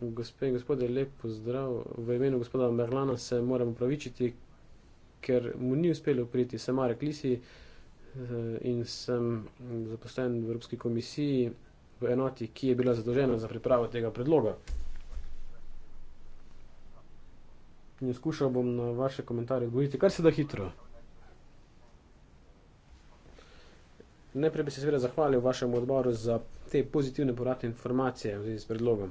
Gospe in gospode, lep pozdrav. V imenu gospoda Merlana se moram upravičiti, ker mu ni uspelo priti. Sem Marek Lisi eh, in sem zaposlen v Evropski komisiji v enoti, ki je bila zadolžena za pripravo tega predloga. In skušal bom na vaše komentarje odgovoriti kar se da hitro. Najprej bi se seveda zahvalil vašemu odboru za te pozitivne povratne informacije v zvezi s predlogom.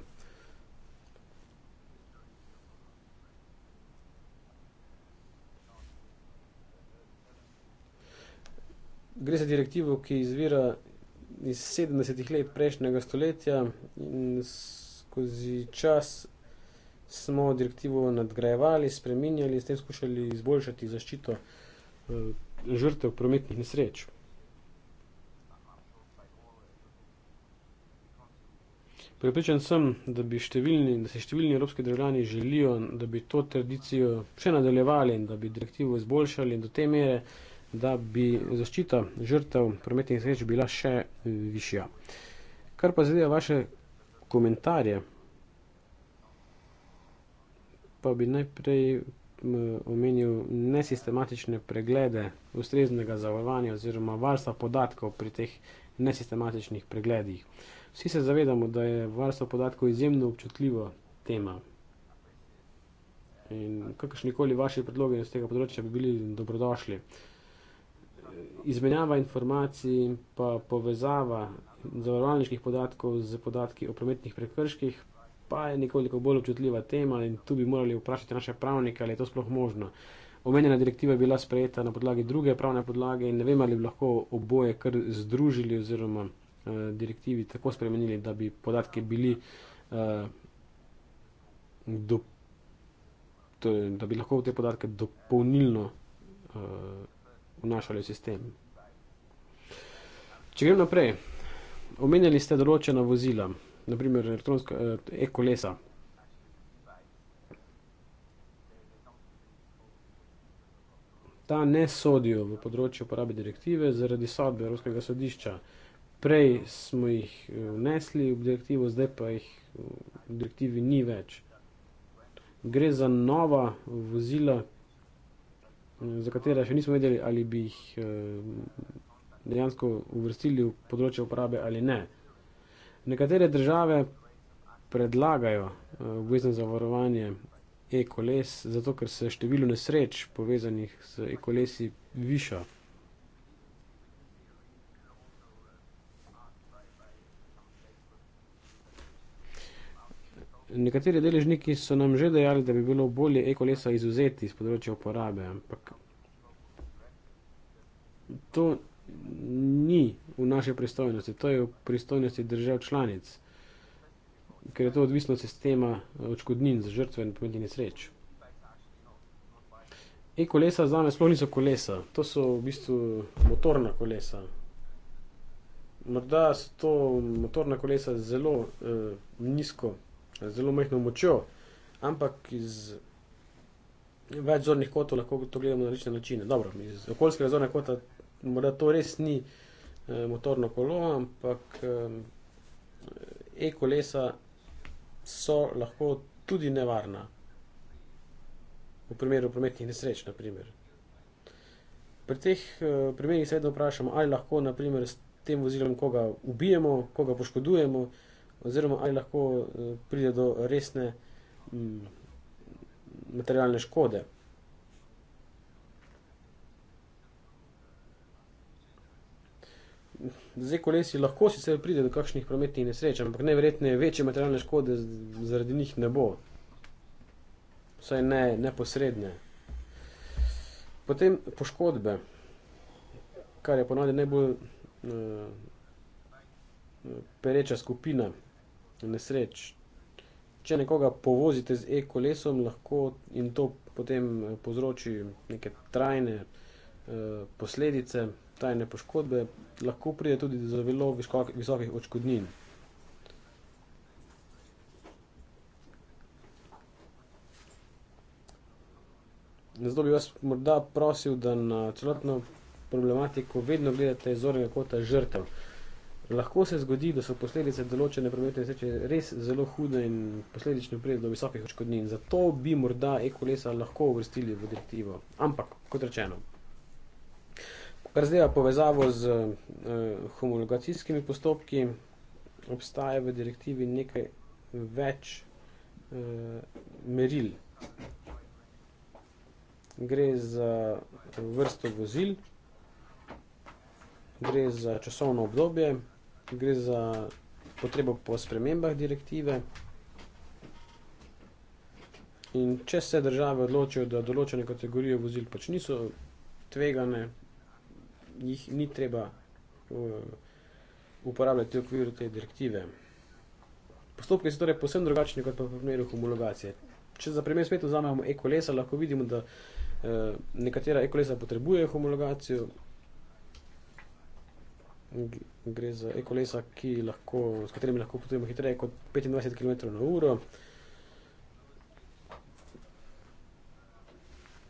Gre za direktivo, ki izvira iz 70 let prejšnjega stoletja in skozi čas smo direktivo nadgrajevali, spreminjali in s tem skušali izboljšati zaščito eh, žrtev prometnih nesreč. Pripričan sem, da, številni, da se številni evropski državljani želijo, da bi to tradicijo še nadaljevali in da bi direktivo izboljšali do te mere, da bi zaščita žrtev prometnih sreč bila še eh, višja. Kar pa zadeva vaše komentarje, pa bi najprej eh, omenil nesistematične preglede ustreznega zavarovanja oziroma varstva podatkov pri teh nesistematičnih pregledih. Vsi se zavedamo, da je varstvo podatkov izjemno občutljiva tema. In kakršni koli vaši predloge z tega področja bi bili dobrodošli. Izmenjava informacij in pa povezava zavarovalniških podatkov z podatki o prometnih prekrških pa je nekoliko bolj občutljiva tema in tu bi morali vprašati naše pravnike, ali je to sploh možno. Omenjena direktiva je bila sprejeta na podlagi druge pravne podlage in ne vem, ali bi lahko oboje kar združili oziroma eh, direktivi tako spremenili, da bi podatki bili, eh, do, torej, da bi lahko te podatke dopolnilno eh, vnašali v sistem. Če grem naprej, omenjali ste določena vozila, naprimer elektronska eh, e-kolesa. Ta ne sodijo v področju uporabe direktive zaradi sodbe Evropskega sodišča. Uh, prej smo jih eh, vnesli v direktivo, zdaj pa jih eh, v direktivi ni več. Gre za nova vozila, eh, za katera še nismo vedeli, ali bi jih dejansko uvrstili v področje uporabe ali ne. Nekatere države predlagajo obvezno zavarovanje e-koles, zato ker se število nesreč povezanih z e-kolesi viša. Nekateri deležniki so nam že dejali, da bi bilo bolje e-kolesa izuzeti iz področja uporabe, ampak to ni v naši pristojnosti, to je v pristojnosti držav članic, ker je to odvisno od sistema eh, očkodnin za žrtve in pomeni nesreč. E-kolesa zame sploh niso kolesa, to so v bistvu motorna kolesa. Morda so to motorna kolesa zelo eh, nizko zelo majhno močjo, ampak iz več zornih kotov lahko to gledamo na različne načine. Dobro, iz okoljskega zornega kota morda to res ni eh, motorno kolo, ampak e-kolesa eh, e so lahko tudi nevarna. V primeru prometnih nesreč, naprimer. Pri teh eh, primerih se vedno vprašamo, ali lahko naprimer, s tem vozilom koga ubijemo, koga poškodujemo oziroma ali lahko eh, pride do resne mm, materialne škode. Zdaj, kolesi lahko sicer pride do kakšnih prometnih nesreč, ampak najverjetneje večje materialne škode zaradi njih ne bo. Vsaj ne neposredne. Potem poškodbe, kar je ponavadi najbolj uh, pereča skupina nesreč. Če nekoga povozite z e-kolesom, lahko in to potem eh, povzroči neke trajne eh, posledice, trajne poškodbe, lahko pride tudi do zelo visokih odškodnin. Zato bi vas morda prosil, da na celotno problematiko vedno gledate iz zornega kota žrtev. Lahko se zgodi, da so posledice določene prometne nesreče res zelo hude in posledično pride do visokih odškodnin. Zato bi morda e-kolesa lahko uvrstili v direktivo. Ampak, kot rečeno, kar zdaj je povezavo z eh, homologacijskimi postopki, obstaja v direktivi nekaj več eh, meril. Gre za vrsto vozil, gre za časovno obdobje gre za potrebo po spremembah direktive. In če se države odločijo, da določene kategorije vozil pač niso tvegane, jih ni treba uporabljati v okviru te direktive. Postopki so torej posebno drugačni kot pa v primeru homologacije. Če za primer svetu vzamemo e-kolesa, lahko vidimo, da eh, nekatera e-kolesa potrebuje homologacijo, gre za ekolesa, lahko, s katerimi lahko potujemo hitreje kot 25 km na uro.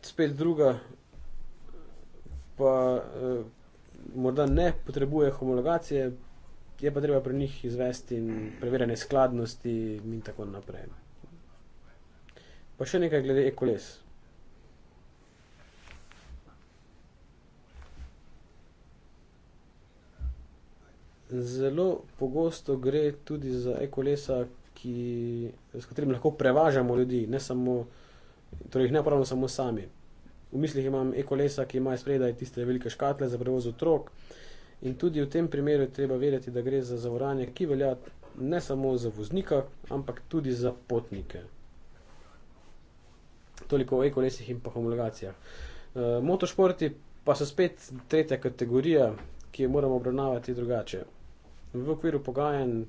Spet druga, pa eh, morda ne potrebuje homologacije, je pa treba pri njih izvesti in preverjanje skladnosti in tako naprej. Pa še nekaj glede ekoles. Eh, zelo pogosto gre tudi za e-kolesa, s katerim lahko prevažamo ljudi, ne samo, torej jih ne uporabljamo samo sami. V mislih imam e-kolesa, ki ima spredaj tiste velike škatle za prevoz otrok. In tudi v tem primeru je treba vedeti, da gre za zavarovanje, ki velja ne samo za voznika, ampak tudi za potnike. Toliko o e-kolesih in pa homologacijah. E, eh, motošporti pa so spet tretja kategorija, ki jo moramo obravnavati drugače v okviru pogajanj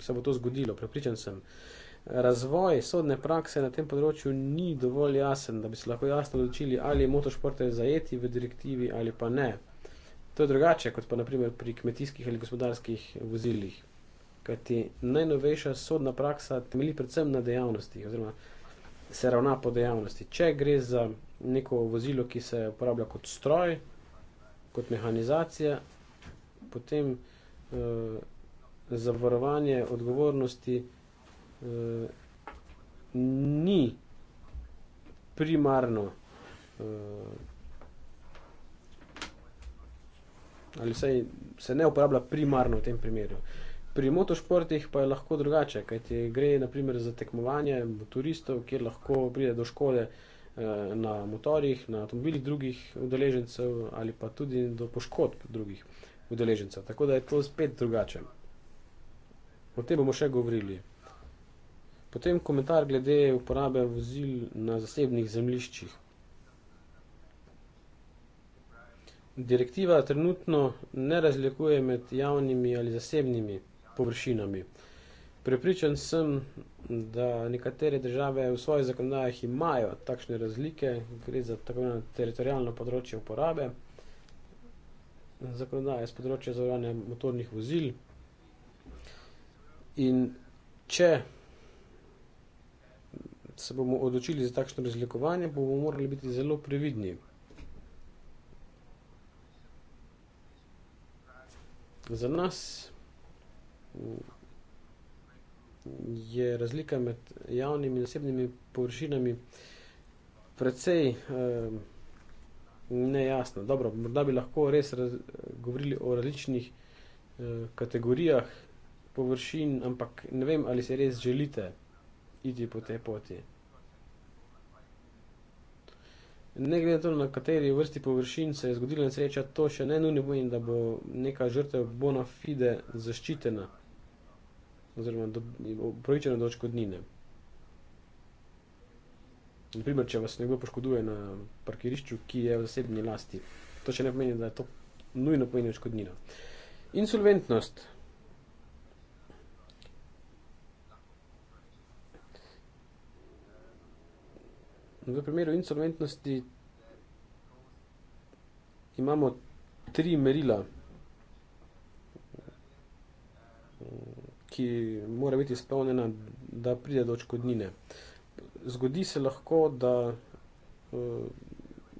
se bo to zgodilo, prepričan sem. Razvoj sodne prakse na tem področju ni dovolj jasen, da bi se lahko jasno odločili, ali je motošport zajeti v direktivi ali pa ne. To je drugače kot pa naprimer pri kmetijskih ali gospodarskih vozilih. Kajti najnovejša sodna praksa temeli predvsem na dejavnosti, oziroma se ravna po dejavnosti. Če gre za neko vozilo, ki se uporablja kot stroj, kot mehanizacija, potem eh, zavarovanje odgovornosti eh, ni primarno eh, ali saj se ne uporablja primarno v tem primeru. Pri motošportih pa je lahko drugače, kajti gre naprimer za tekmovanje turistov, kjer lahko pride do škode eh, na motorjih, na avtomobilih drugih udeležencev ali pa tudi do poškodb drugih. Uh, udeležencev. Tako da je to spet drugače. O tem bomo še govorili. Potem komentar glede uporabe vozil na zasebnih zemljiščih. Direktiva trenutno ne razlikuje med javnimi ali zasebnimi površinami. Prepričan sem, da nekatere države v svojih zakonodajah imajo takšne razlike, gre za tako imenovano teritorijalno področje uporabe zakonodaje z področja zavarovanja motornih vozil. In če se bomo odločili za takšno razlikovanje, bomo morali biti zelo previdni. Za nas je razlika med javnimi in zasebnimi površinami precej. Eh, Ne, jasno. Dobro, morda bi lahko res raz, govorili o različnih eh, kategorijah površin, ampak ne vem, ali se res želite iti po tej poti. Ne glede na to, na kateri vrsti površin se je zgodila nesreča, to še ne nujno bojim, da bo neka žrtev bona fide zaščitena oziroma upravičena do, do očkodnine. Naprimer, če vas nekdo poškoduje na parkirišču, ki je v zasebni lasti, to še ne pomeni, da je to nujno pomeni odškodnino. Insolventnost. V primeru insolventnosti imamo tri merila, ki mora biti spolnjena, da pride do odškodnine zgodi se lahko, da uh,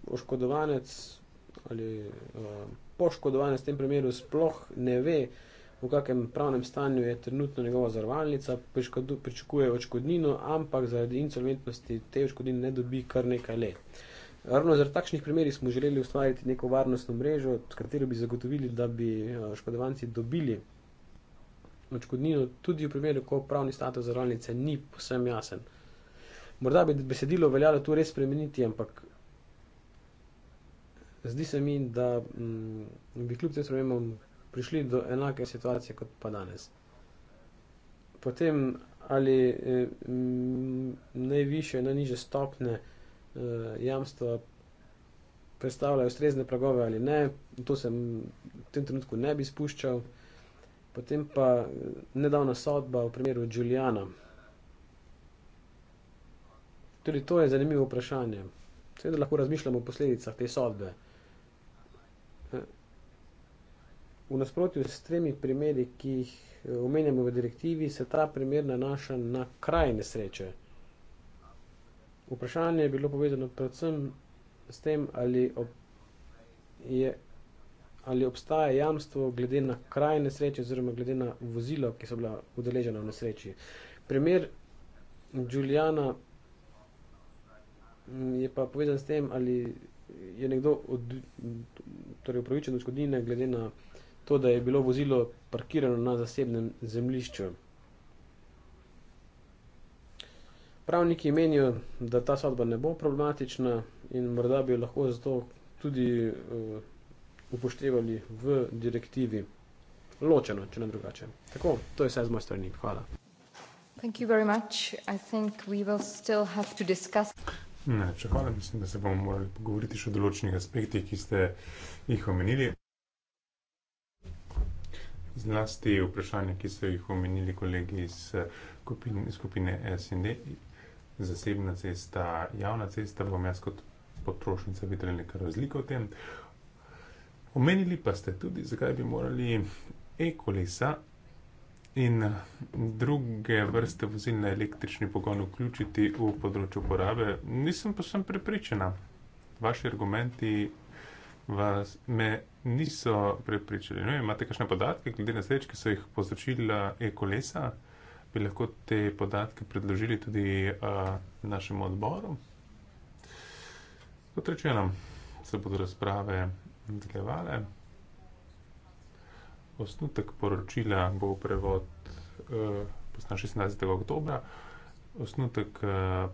oškodovanec ali uh, poškodovanec v tem primeru sploh ne ve, v kakem pravnem stanju je trenutno njegova zarvalnica, pričakuje očkodnino, ampak zaradi insolventnosti te očkodnine ne dobi kar nekaj let. Ravno zaradi takšnih primerih smo želeli ustvariti neko varnostno mrežo, s katero bi zagotovili, da bi eh, oškodovanci dobili očkodnino tudi v primeru, ko pravni status zarvalnice ni posem jasen. Morda bi besedilo veljalo tu res spremeniti, ampak zdi se mi, da m, mm, bi kljub tem spremembam prišli do enake situacije kot pa danes. Potem ali eh, m, mm, najviše, najniže stopne e, eh, jamstva predstavljajo ustrezne pragove ali ne, to sem v tem trenutku ne bi spuščal. Potem pa eh, nedavna sodba v primeru Giuliana. Tudi to je zanimivo vprašanje. Seveda lahko razmišljamo o posledicah te sodbe. V nasprotju s tremi primeri, ki jih eh, omenjamo v direktivi, se ta primer nanaša na kraj nesreče. Vprašanje je bilo povezano predvsem s tem, ali, ob, je, ali obstaja jamstvo glede na kraj nesreče oziroma glede na vozilo, ki so bila udeležena v nesreči. Primer Juliana Mm, je pa povezan s tem, ali je nekdo od, torej upravičen odškodnine, glede na to, da je bilo vozilo parkirano na zasebnem zemljišču. Pravniki menijo, da ta sodba ne bo problematična in morda bi jo lahko zato tudi uh, upoštevali v direktivi. Ločeno, če ne drugače. Tako, to je vse z moje strani. Hvala. Ne, če hvala, mislim, da se bomo morali pogovoriti še o določenih aspektih, ki ste jih omenili. Zlasti vprašanje, ki so jih omenili kolegi iz skupine, skupine SND, zasebna cesta, javna cesta, bom jaz kot potrošnica videla nekaj razliko v tem. Omenili pa ste tudi, zakaj bi morali e-kolesa in eh, druge vrste vozil na električni pogon vključiti v področju porabe, nisem pa sem prepričana. Vaši argumenti vas me niso prepričali. No, imate kakšne podatke glede na sreč, ki so jih povzročila e-kolesa? Bi lahko te podatke predložili tudi a, eh, našemu odboru? Kot rečeno, se bodo razprave nadaljevale. Osnutek poročila bo prevod uh, na 16. oktober. Osnutek uh,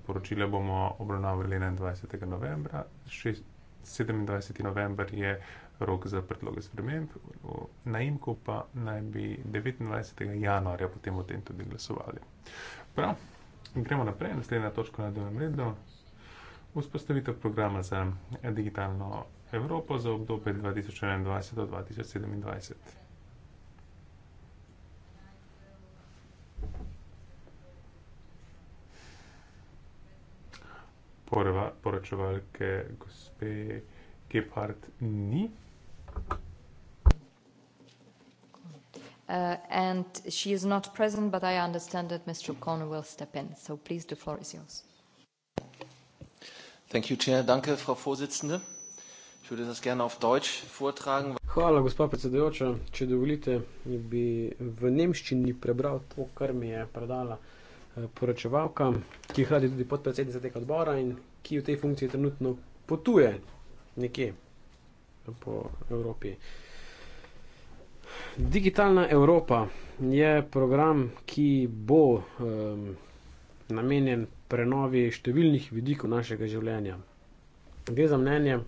poročila bomo obravnavali 21. novembra. Šest, 27. november je rok za predloge sprememb, na imku pa naj bi 29. januarja potem o tem tudi glasovali. Prav, gremo naprej, naslednja točka na dnevnem redu. Vzpostavitev programa za digitalno Evropo za obdobje 2021-2027. poreva, poročevalke gospe Gephardt ni. Uh, and she is not present, but I understand that Mr. O'Connor will step in. So please, the floor is yours. Thank you, Chair. Danke, Frau Vorsitzende. Ich würde das gerne auf Deutsch vortragen. Hvala, gospa predsedujoča. Če dovolite, bi v Nemščini prebral to, kar mi je predala eh, poročevalka ki je hkrati tudi podpredsednica tega odbora in ki v tej funkciji trenutno potuje nekje po Evropi. Digitalna Evropa je program, ki bo um, namenjen prenovi številnih vidikov našega življenja. Gre za mnenje,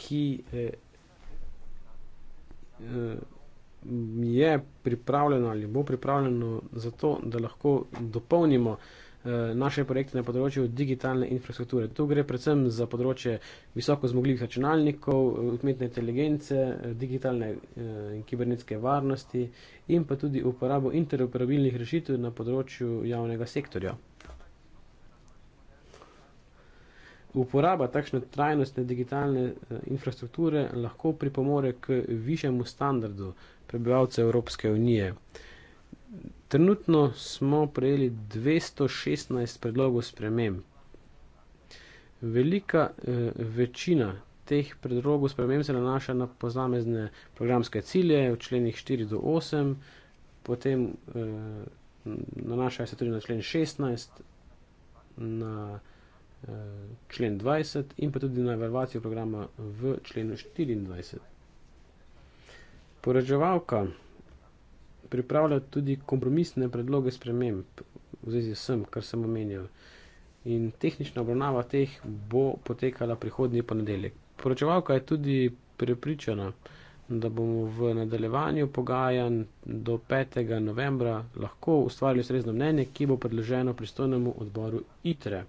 ki. Eh, eh, je pripravljeno ali bo pripravljeno za to, da lahko dopolnimo eh, naše projekte na področju digitalne infrastrukture. Tu gre predvsem za področje visoko zmogljivih računalnikov, eh, umetne inteligence, eh, digitalne in kibernetske varnosti in pa tudi uporabo interoperabilnih rešitev na področju javnega sektorja. Uporaba takšne trajnostne digitalne infrastrukture lahko pripomore k višjemu standardu prebivalce Evropske unije. Trenutno smo prejeli 216 predlogov sprememb. Velika eh, večina teh predlogov sprememb se nanaša na posamezne programske cilje v členih 4 do 8, potem eh, nanašajo se tudi na člen 16, na eh, člen 20 in pa tudi na evalvacijo programa v členu 24. Poraževalka pripravlja tudi kompromisne predloge sprememb v zvezi s tem, kar sem omenil. In tehnična obravnava teh bo potekala prihodnji ponedeljek. Poraževalka je tudi prepričana, da bomo v nadaljevanju pogajanj do 5. novembra lahko ustvarili srezno mnenje, ki bo predloženo pristojnemu odboru ITRE.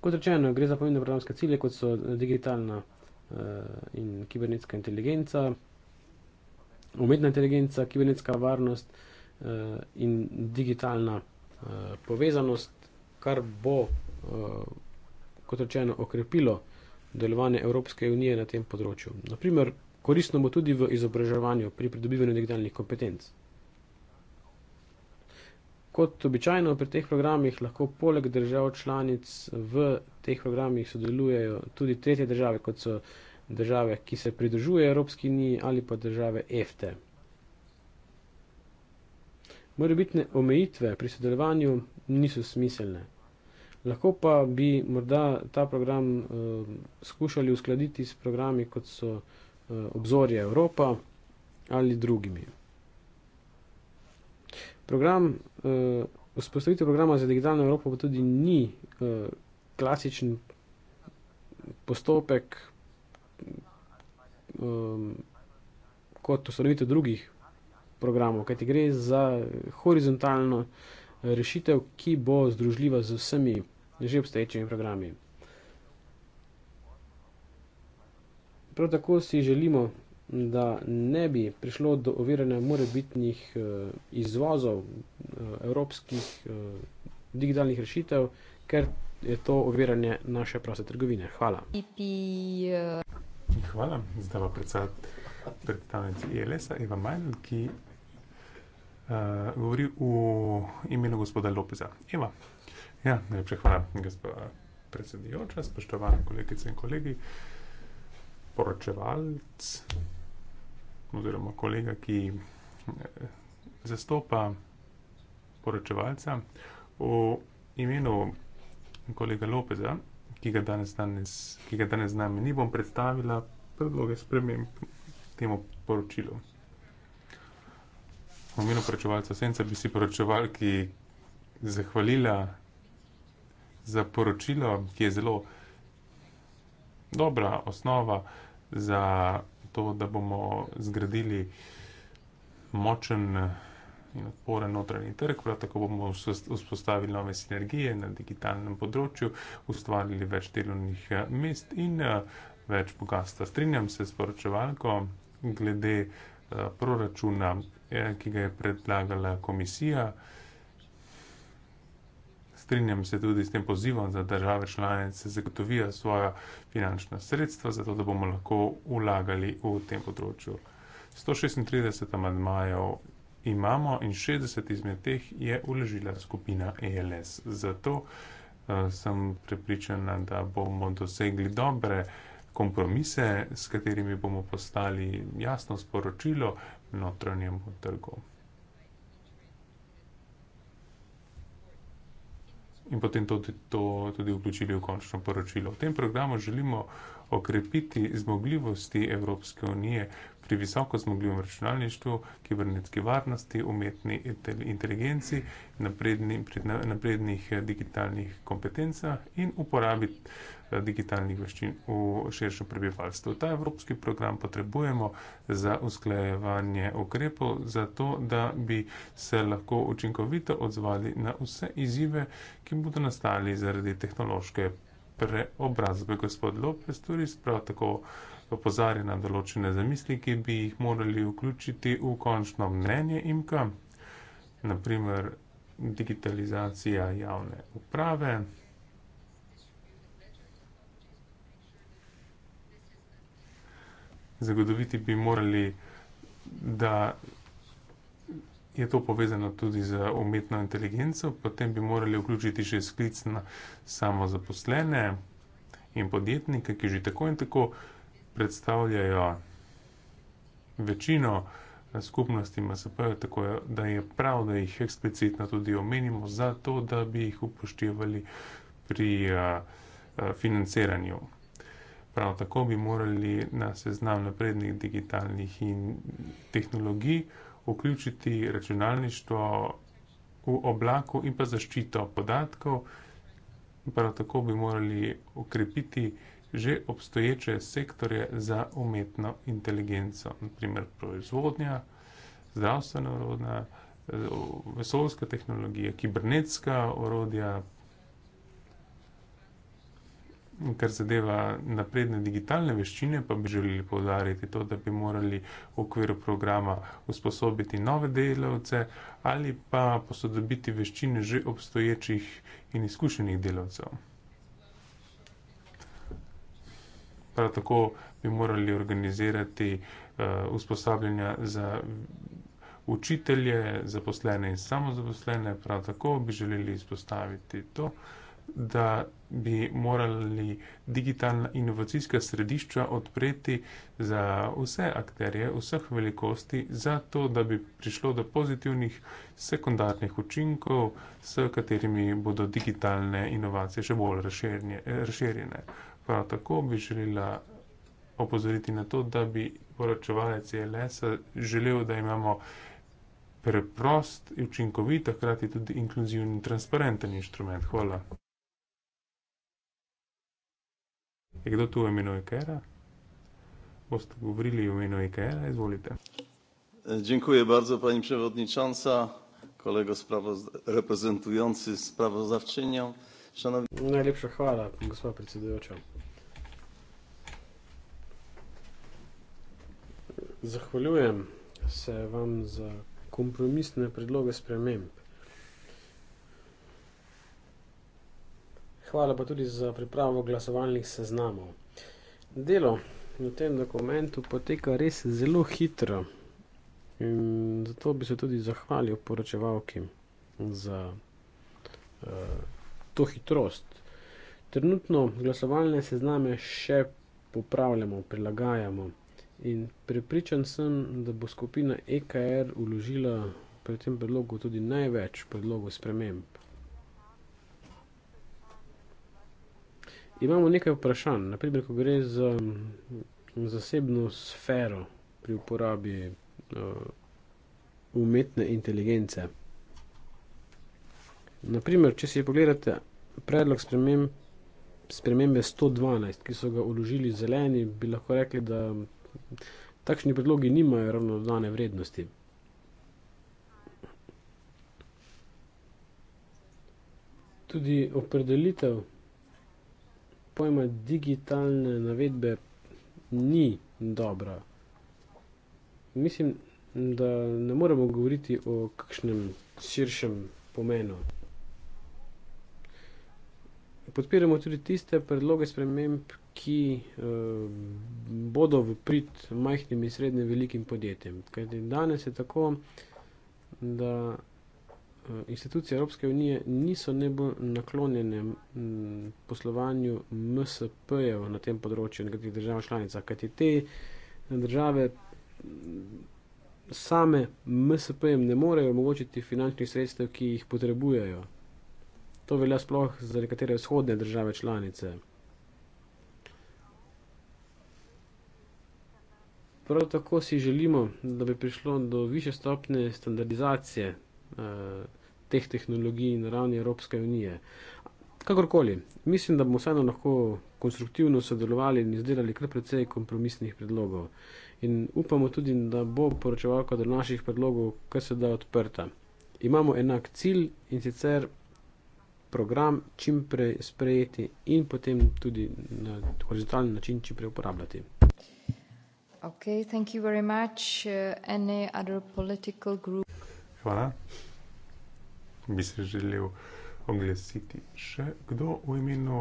Kot rečeno, gre za pomembne programske cilje, kot so digitalna eh, in kibernetska inteligenca, umetna inteligenca, kibernetska varnost uh, in digitalna uh, povezanost, kar bo, uh, kot rečeno, okrepilo delovanje Evropske unije na tem področju. Naprimer, koristno bo tudi v izobraževanju pri pridobivanju digitalnih kompetenc. Kot običajno pri teh programih lahko poleg držav članic v teh programih sodelujejo tudi tretje države, kot so države, ki se pridružuje Evropski uniji ali pa države EFTE. Morbitne omejitve pri sodelovanju niso smiselne. Lahko pa bi morda ta program uh, skušali uskladiti s programi, kot so uh, obzorje Evropa ali drugimi. Program, uh, vzpostavitev programa za digitalno Evropo pa tudi ni uh, klasičen postopek um, kot ustanovitev drugih programov, kajti gre za horizontalno eh, rešitev, ki bo združljiva z vsemi že obstoječimi programi. Prav tako si želimo, da ne bi prišlo do oviranja morebitnih eh, izvozov eh, evropskih digitalnih rešitev, ker je to oviranje naše proste trgovine. Hvala. Hvala. Zdaj pa predstavljam e ILS-a Eva Majl, ki uh, govori v imenu gospoda Lopeza. Eva. Ja, najlepša hvala, gospod predsedujoča, spoštovane kolegice in kolegi, poročevalc oziroma kolega, ki eh, zastopa poročevalca v imenu kolega Lopeza ki ga danes, danes, ki ga danes z nami ni, bom predstavila predloge sprememb temu poročilu. V imenu poročevalca Senca bi si poročevalki zahvalila za poročilo, ki je zelo dobra osnova za to, da bomo zgradili močen in odporen notranji trg, prav tako bomo vzpostavili nove sinergije na digitalnem področju, ustvarili več delovnih eh, mest in eh, več bogatstva. Strinjam se s poročevalko glede eh, proračuna, ki ga je predlagala komisija. Strinjam se tudi s tem pozivom, da države članice zagotovijo svoja finančna sredstva, zato da bomo lahko ulagali v tem področju. 136 amadmajev imamo in 60 izmed teh je uležila skupina ALS. E Zato uh, sem prepričana, da bomo dosegli dobre kompromise, s katerimi bomo postali jasno sporočilo notranjemu trgu. In potem to, to tudi vključili v končno poročilo. V tem programu želimo okrepiti zmogljivosti Evropske unije pri visoko zmogljivem računalništvu, kibernetski varnosti, umetni inteligenci, napredni, predna, naprednih eh, digitalnih kompetencah in uporabi eh, digitalnih veščin v širšem prebivalstvu. Ta evropski program potrebujemo za usklajevanje ukrepov, zato da bi se lahko učinkovito odzvali na vse izzive, ki bodo nastali zaradi tehnološke preobrazbe. Gospod Lopes tudi sprav tako opozarja na določene zamisli, ki bi jih morali vključiti v končno mnenje imka, naprimer digitalizacija javne uprave. Zagotoviti bi morali, da Je to povezano tudi z umetno inteligenco, potem bi morali vključiti še sklic na samozaposlene in podjetnike, ki že tako in tako predstavljajo večino eh, skupnosti MSP, tako da je prav, da jih eksplicitno tudi omenimo, zato da bi jih upoštevali pri a, eh, a, eh, financiranju. Prav tako bi morali na seznam naprednih digitalnih in tehnologij vključiti računalništvo v oblaku in pa zaščito podatkov. Prav tako bi morali ukrepiti že obstoječe sektorje za umetno inteligenco, naprimer proizvodnja, zdravstvena urodja, vesolska tehnologija, kibernetska urodja, Kar zadeva napredne digitalne veščine, pa bi želeli povdariti to, da bi morali v okviru programa usposobiti nove delavce ali pa posodobiti veščine že obstoječih in izkušenih delavcev. Prav tako bi morali organizirati uh, usposabljanja za učitelje, zaposlene in samozaposlene. Prav tako bi želeli izpostaviti to, da bi morali digitalna inovacijska središča odpreti za vse akterje, vseh velikosti, zato da bi prišlo do pozitivnih sekundarnih učinkov, s katerimi bodo digitalne inovacije še bolj razširjene. Prav tako bi želela opozoriti na to, da bi poročevalec CLS želel, da imamo preprost, učinkovit, a hkrati tudi inkluzivni in transparenten inštrument. Hvala. Je kdo tu v imenu Ikera? Boste govorili v imenu Ikera, izvolite. E, dziękuję bardzo pani przewodnicząca, kolego reprezentujący sprawozdawczynią. Szanowni... Najlepsza chwała, gospoda przewodnicząca. Zachwaluję się wam za kompromisne predloge sprememb. hvala pa tudi za pripravo glasovalnih seznamov. Delo v tem dokumentu poteka res zelo hitro in zato bi se tudi zahvalil poročevalki za uh, to hitrost. Trenutno glasovalne sezname še popravljamo, prilagajamo in prepričan sem, da bo skupina EKR uložila pri tem predlogu tudi največ predlogov sprememb. imamo nekaj vprašanj, naprimer, ko gre za mm, zasebno sfero pri uporabi uh, umetne inteligence. Naprimer, če si pogledate predlog sprememb, spremembe 112, ki so ga uložili zeleni, bi lahko rekli, da takšni predlogi nimajo ravno dodane vrednosti. Tudi opredelitev pojma digitalne navedbe ni dobra. Mislim, da ne moremo govoriti o kakšnem širšem pomenu. Podpiramo tudi tiste predloge sprememb, ki eh, bodo v prid majhnim in srednje velikim podjetjem. Kajti danes je tako, da Eh, institucije Evropske unije niso najbolj naklonjene mm, poslovanju MSP-jev na tem področju, nekaterih držav članica, kajti te eh, države mm, same MSP-jem ne morejo omogočiti finančnih sredstev, ki jih potrebujejo. To velja sploh za nekatere vzhodne države članice. Prav tako si želimo, da bi prišlo do više stopne standardizacije Eh, teh tehnologij na ravni Evropske unije. Kakorkoli, mislim, da bomo vseeno lahko konstruktivno sodelovali in izdelali kar precej kompromisnih predlogov. In upamo tudi, da bo poročevalka do naših predlogov, kar se da odprta. Imamo enak cilj in sicer program čim prej sprejeti in potem tudi na horizontalni način čim prej uporabljati. Okay, thank you very much. Uh, any other political group? Hvala. Bi se želel oglasiti še kdo v imenu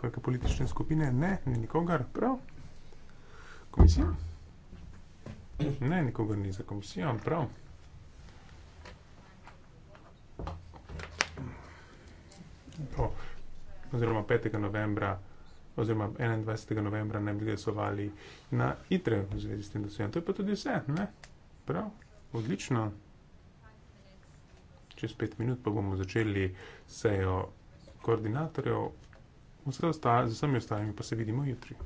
kakšne politične skupine? Ne, ni nikogar, prav? Komisija? Ne, nikogar ni za komisijo, prav. Po, oziroma 5. novembra, oziroma 21. novembra ne bi glasovali na ITRE v zvezi s tem, da se je. To je pa tudi vse, ne? Prav? Odlično čez pet minut pa bomo začeli sejo koordinatorjev. Vse ostale, z vsemi ostalimi pa se vidimo jutri.